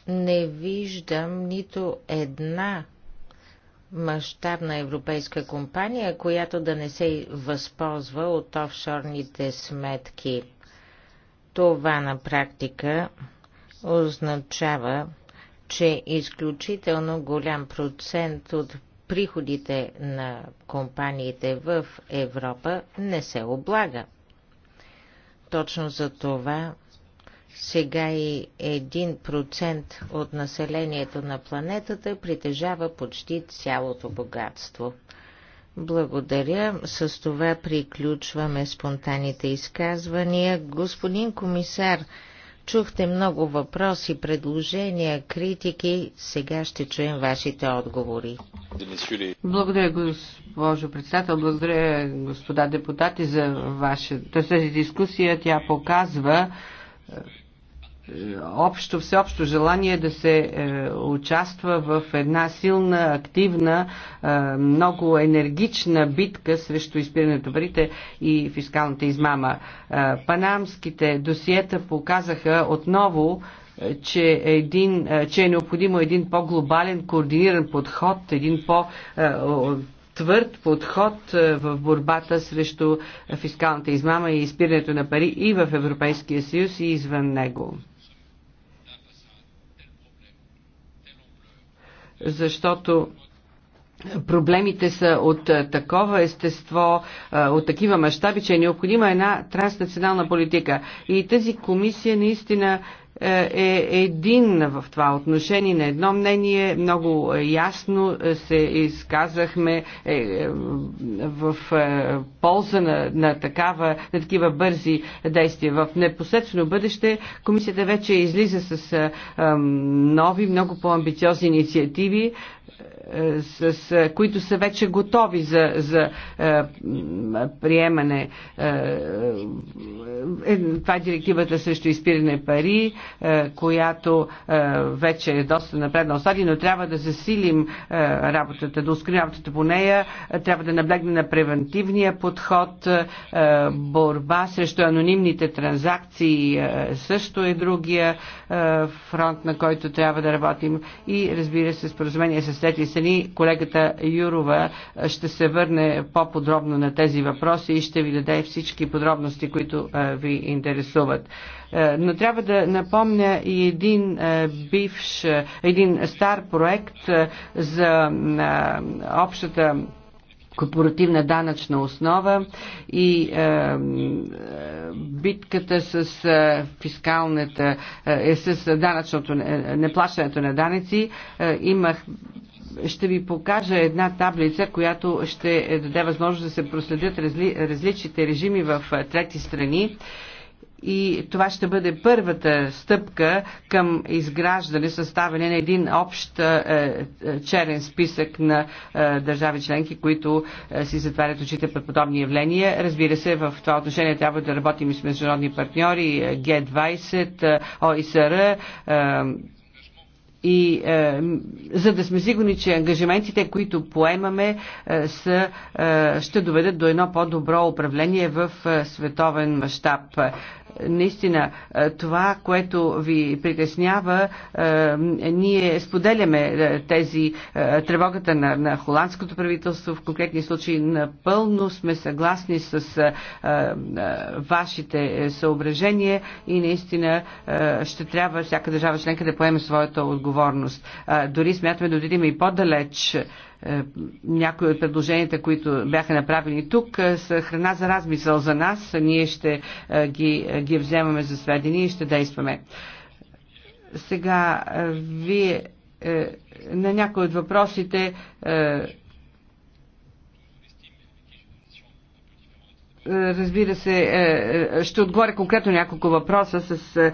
не виждам нито една мащабна европейска компания, която да не се възползва от офшорните сметки – това на практика означава, че изключително голям процент от приходите на компаниите в Европа не се облага. Точно за това сега и 1% от населението на планетата притежава почти цялото богатство. Благодаря. С това приключваме спонтанните изказвания. Господин комисар, чухте много въпроси, предложения, критики. Сега ще чуем вашите отговори. Благодаря, госпожо председател. Благодаря, господа депутати, за вашата тази дискусия. Тя показва общо, всеобщо желание да се е, участва в една силна, активна, е, много енергична битка срещу изпирането парите и фискалната измама. Е, панамските досиета показаха отново, е, че, един, е, че е необходимо един по-глобален, координиран подход, един по- е, твърд подход в борбата срещу фискалната измама и изпирането на пари и в Европейския съюз и извън него. защото проблемите са от такова естество, от такива мащаби, че е необходима една транснационална политика. И тази комисия наистина е, е един в това отношение, на едно мнение. Много ясно е, се изказахме е, в полза на, на, такава, на такива бързи действия. В непосредствено бъдеще комисията вече излиза с нови, много по-амбициозни инициативи с, е, които са вече готови за, за е, приемане. Е, е, е, това е директивата срещу изпиране пари, е, която е, вече е доста напредна остати, но трябва да засилим е, работата, да ускорим работата по нея, трябва да наблегне на превентивния подход, е, борба срещу анонимните транзакции е, също е другия е, фронт, на който трябва да работим и разбира се, споразумение с заседатели сани, Колегата Юрова ще се върне по-подробно на тези въпроси и ще ви даде всички подробности, които ви интересуват. Но трябва да напомня и един бивш, един стар проект за общата корпоративна данъчна основа и е, битката с е, фискалната, е, с данъчното, е, неплащането на данъци. Е, имах ще ви покажа една таблица, която ще даде възможност да се проследят разли, различните режими в трети страни. И това ще бъде първата стъпка към изграждане, съставяне на един общ е, черен списък на е, държави членки, които е, си затварят очите пред подобни явления. Разбира се, в това отношение трябва да работим и с международни партньори, Г20, ОИСР. Е, и е, за да сме сигурни, че ангажиментите, които поемаме, е, са, е, ще доведат до едно по-добро управление в е, световен мащаб наистина е, това, което ви притеснява, е, ние споделяме е, тези тревогата на, на холандското правителство, в конкретни случаи напълно сме съгласни с вашите съображения и наистина ще трябва всяка държава членка да поеме своята отговорност. Дори смятаме да отидем и по-далеч е, някои от предложенията, които бяха направени тук, е, са храна за размисъл за нас. Ние ще е, ги, ги вземаме за сведения и ще действаме. Сега, вие на някои от въпросите разбира се, ще отговоря конкретно няколко въпроса с,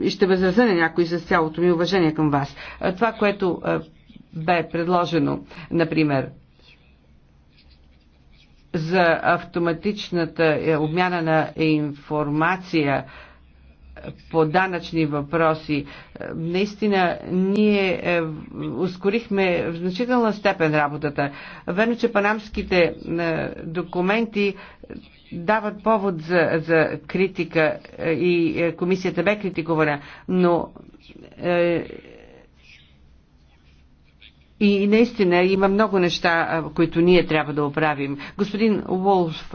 и ще възразя на някои с цялото ми уважение към вас. Това, което бе предложено, например, за автоматичната е, обмяна на информация по данъчни въпроси. Е, наистина, ние е, ускорихме в значителна степен работата. Верно, че панамските документи дават повод за, за критика и комисията бе критикувана, но и наистина има много неща, които ние трябва да оправим. Господин Уолф,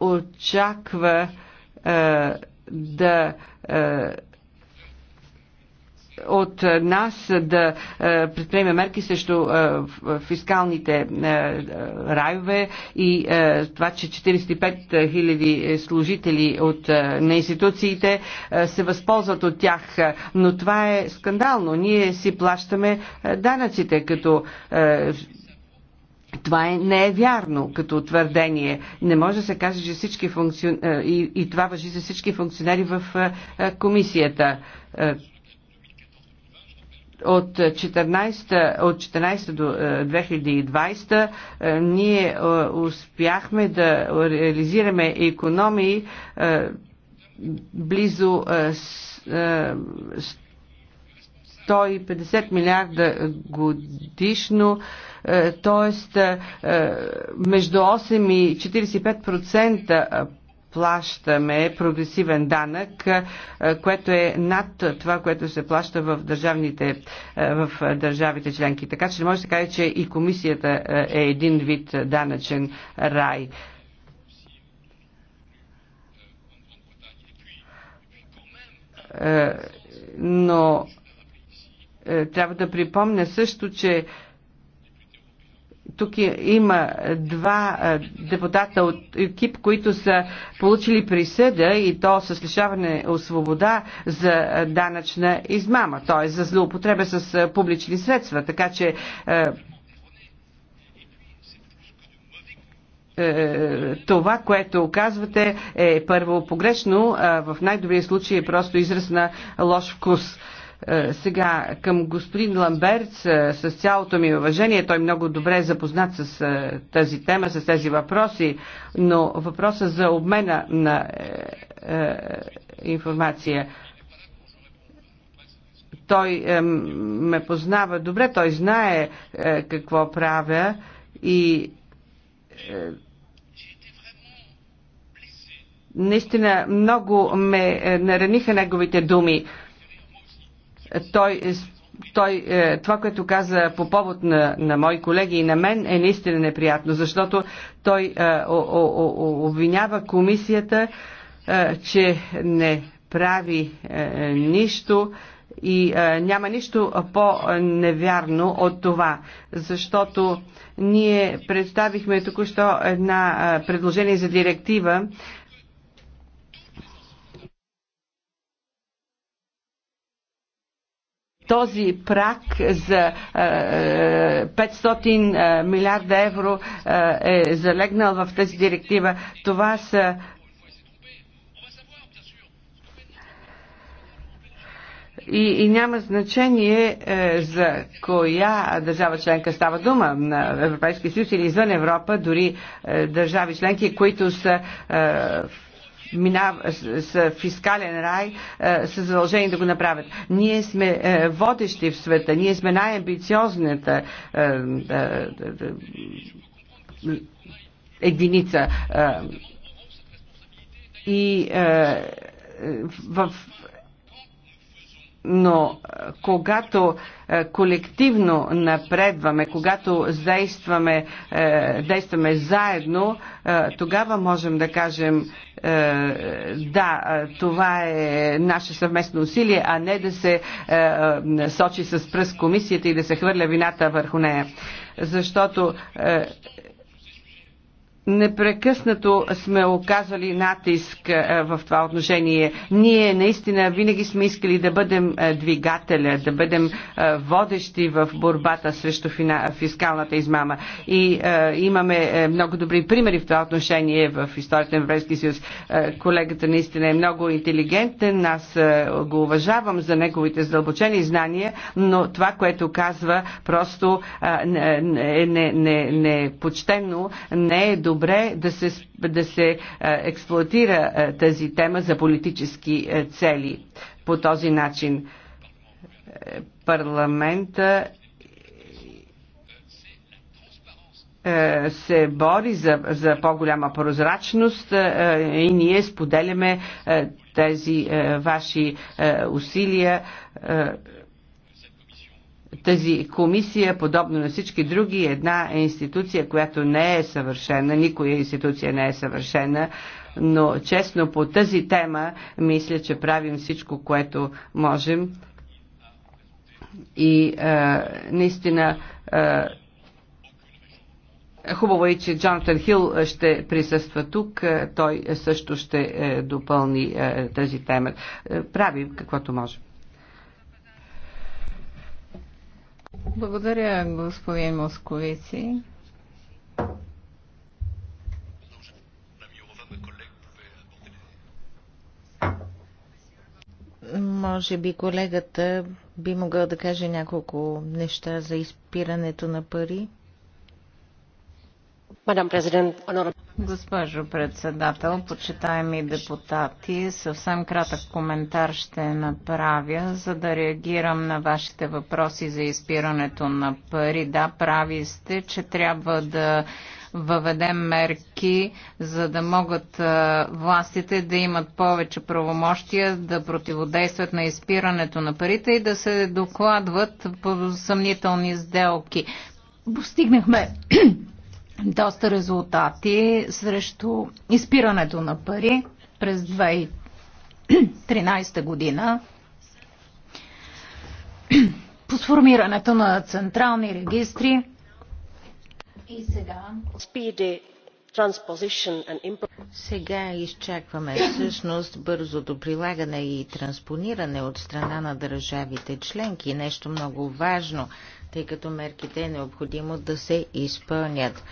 очаква е, да е, от нас да е, предприеме мерки срещу е, фискалните е, райове и това, че 45 000 служители от, на институциите се възползват от тях. Но това е скандално. Ние си плащаме данъците като това е, не е вярно като твърдение. Не може да се каже, че всички функцион... и, и това въжи за всички функционери в комисията от 14, от 14 до 2020 е, е, ние е, успяхме да реализираме економии близо 150 милиарда годишно, т.е. между 8 и 45% плащаме прогресивен данък, е, което е над това, което се плаща в, държавните, е, в държавите членки. Така че не може да се каже, че и комисията е, е един вид данъчен рай. Но трябва да припомня също, че тук е- има два депутата от екип, които са получили присъда и то с лишаване от свобода за данъчна измама, т.е. за злоупотреба с публични средства. Така че е, това, което оказвате е първо погрешно, в най-добрия случай е просто израз на лош вкус. Е, сега към господин Ламберц, е, с цялото ми уважение, той много добре е запознат с е, тази тема, с тези въпроси, но въпроса за обмена на информация той е, ме познава добре, той знае е, какво правя и е, наистина много ме нараниха неговите думи. Той, е той, е, това, което каза по повод на, на мои колеги и на мен е наистина неприятно, защото той е, о, о, о, обвинява комисията, че не прави нищо и а, няма нищо по-невярно от това, защото ние представихме току-що една а, предложение за директива този прак за 500 е, е, е, милиарда евро е залегнал в тази директива. Това са и, и няма значение е, за коя държава членка става дума на Европейския съюз или извън Европа, дори е, държави членки, които са е, минав, са фискален рай, е, са задължени да го направят. Ние сме е, водещи в света, ние сме най-амбициозната е, единица. И в но е, когато е, колективно напредваме, когато действаме, е, действаме заедно, тогава можем да кажем да, това е наше съвместно усилие, а не да се сочи с пръст комисията и да се хвърля вината върху нея. Защото Непрекъснато сме оказали натиск в това отношение. Ние наистина винаги сме искали да бъдем двигателя, да бъдем водещи в борбата срещу фискалната измама. И имаме е, много добри примери в това отношение в историята на Европейския съюз. Колегата наистина е много интелигентен, аз го уважавам за неговите задълбочени знания, но това, което казва, просто е, е непочтено, не е, е добре добре да се, да се е, експлуатира е, тази тема за политически е, цели по този начин. Парламента се бори за, за по-голяма прозрачност и ние споделяме тези ваши усилия. Тази комисия, подобно на всички други, е една институция, която не е съвършена, никоя институция не е съвършена, но честно по тази тема мисля, че правим всичко, което можем. И а, наистина а, Хубаво е, че Джонатан Хил ще присъства тук. Той също ще е, допълни тази тема. Правим каквото можем. Благодаря, господин Московици. Може би колегата би могъл да каже няколко неща за изпирането на пари. Госпожо председател, почитаеми депутати, съвсем кратък коментар ще направя, за да реагирам на вашите въпроси за изпирането на пари. Да, прави сте, че трябва да въведем мерки, за да могат властите да имат повече правомощия да противодействат на изпирането на парите и да се докладват по съмнителни сделки. Постигнахме доста резултати срещу изпирането на пари през 2013 година. [CLEARS THROAT] По сформирането на централни регистри и сега сега изчакваме всъщност бързото прилагане и транспониране от страна на държавите членки. Нещо много важно, тъй като мерките е необходимо да се изпълнят.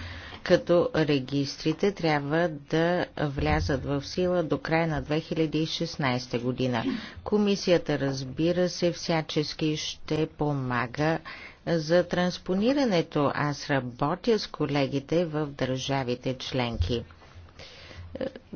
Като регистрите трябва да влязат в сила до края на 2016 година. Комисията, разбира се, всячески ще помага за транспонирането. Аз работя с колегите в държавите членки.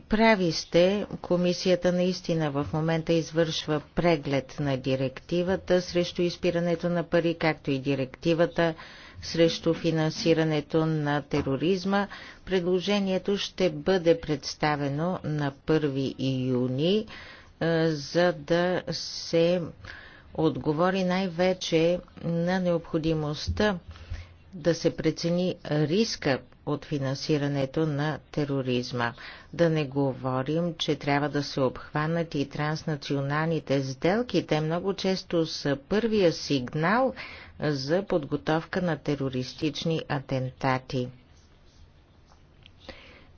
Прави сте, комисията наистина в момента извършва преглед на директивата срещу изпирането на пари, както и директивата срещу финансирането на тероризма. Предложението ще бъде представено на 1 юни, за да се отговори най-вече на необходимостта да се прецени риска от финансирането на тероризма. Да не говорим, че трябва да се обхванат и транснационалните сделки. Те много често са първия сигнал за подготовка на терористични атентати.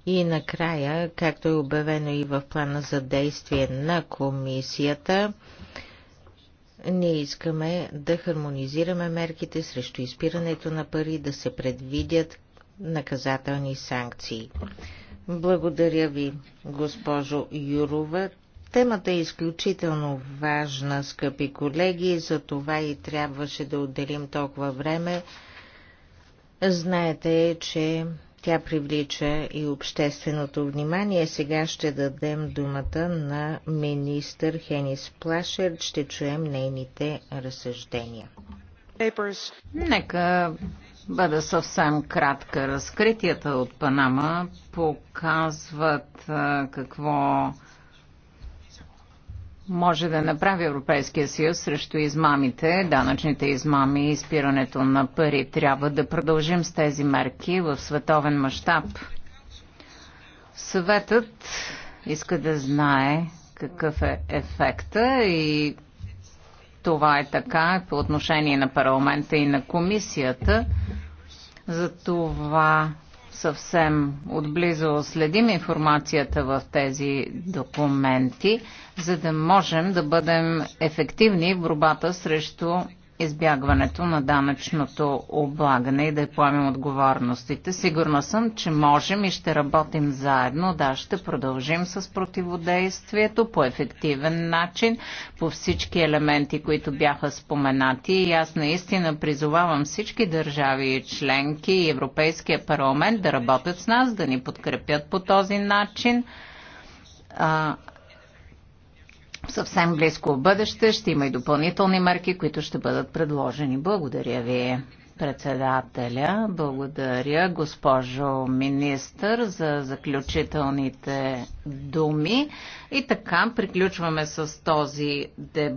И накрая, както е обявено и в плана за действие на комисията, ние искаме да хармонизираме мерките срещу изпирането на пари, да се предвидят наказателни санкции. Благодаря ви, госпожо Юрова. Темата е изключително важна, скъпи колеги, за това и трябваше да отделим толкова време. Знаете, че тя привлича и общественото внимание. Сега ще дадем думата на министър Хенис Плашер. Ще чуем нейните разсъждения. Нека бъда съвсем кратка. Разкритията от Панама показват какво може да направи Европейския съюз срещу измамите, данъчните измами и спирането на пари. Трябва да продължим с тези мерки в световен мащаб. Съветът иска да знае какъв е ефекта и това е така по отношение на парламента и на комисията. За това съвсем отблизо следим информацията в тези документи, за да можем да бъдем ефективни в борбата срещу избягването на данъчното облагане и да поемем отговорностите. Сигурна съм, че можем и ще работим заедно. Да, ще продължим с противодействието по ефективен начин, по всички елементи, които бяха споменати. И аз наистина призовавам всички държави и членки и Европейския парламент да работят с нас, да ни подкрепят по този начин съвсем близко бъдеще ще има и допълнителни мерки, които ще бъдат предложени. Благодаря ви председателя. Благодаря, госпожо министър, за заключителните думи. И така приключваме с този дебат.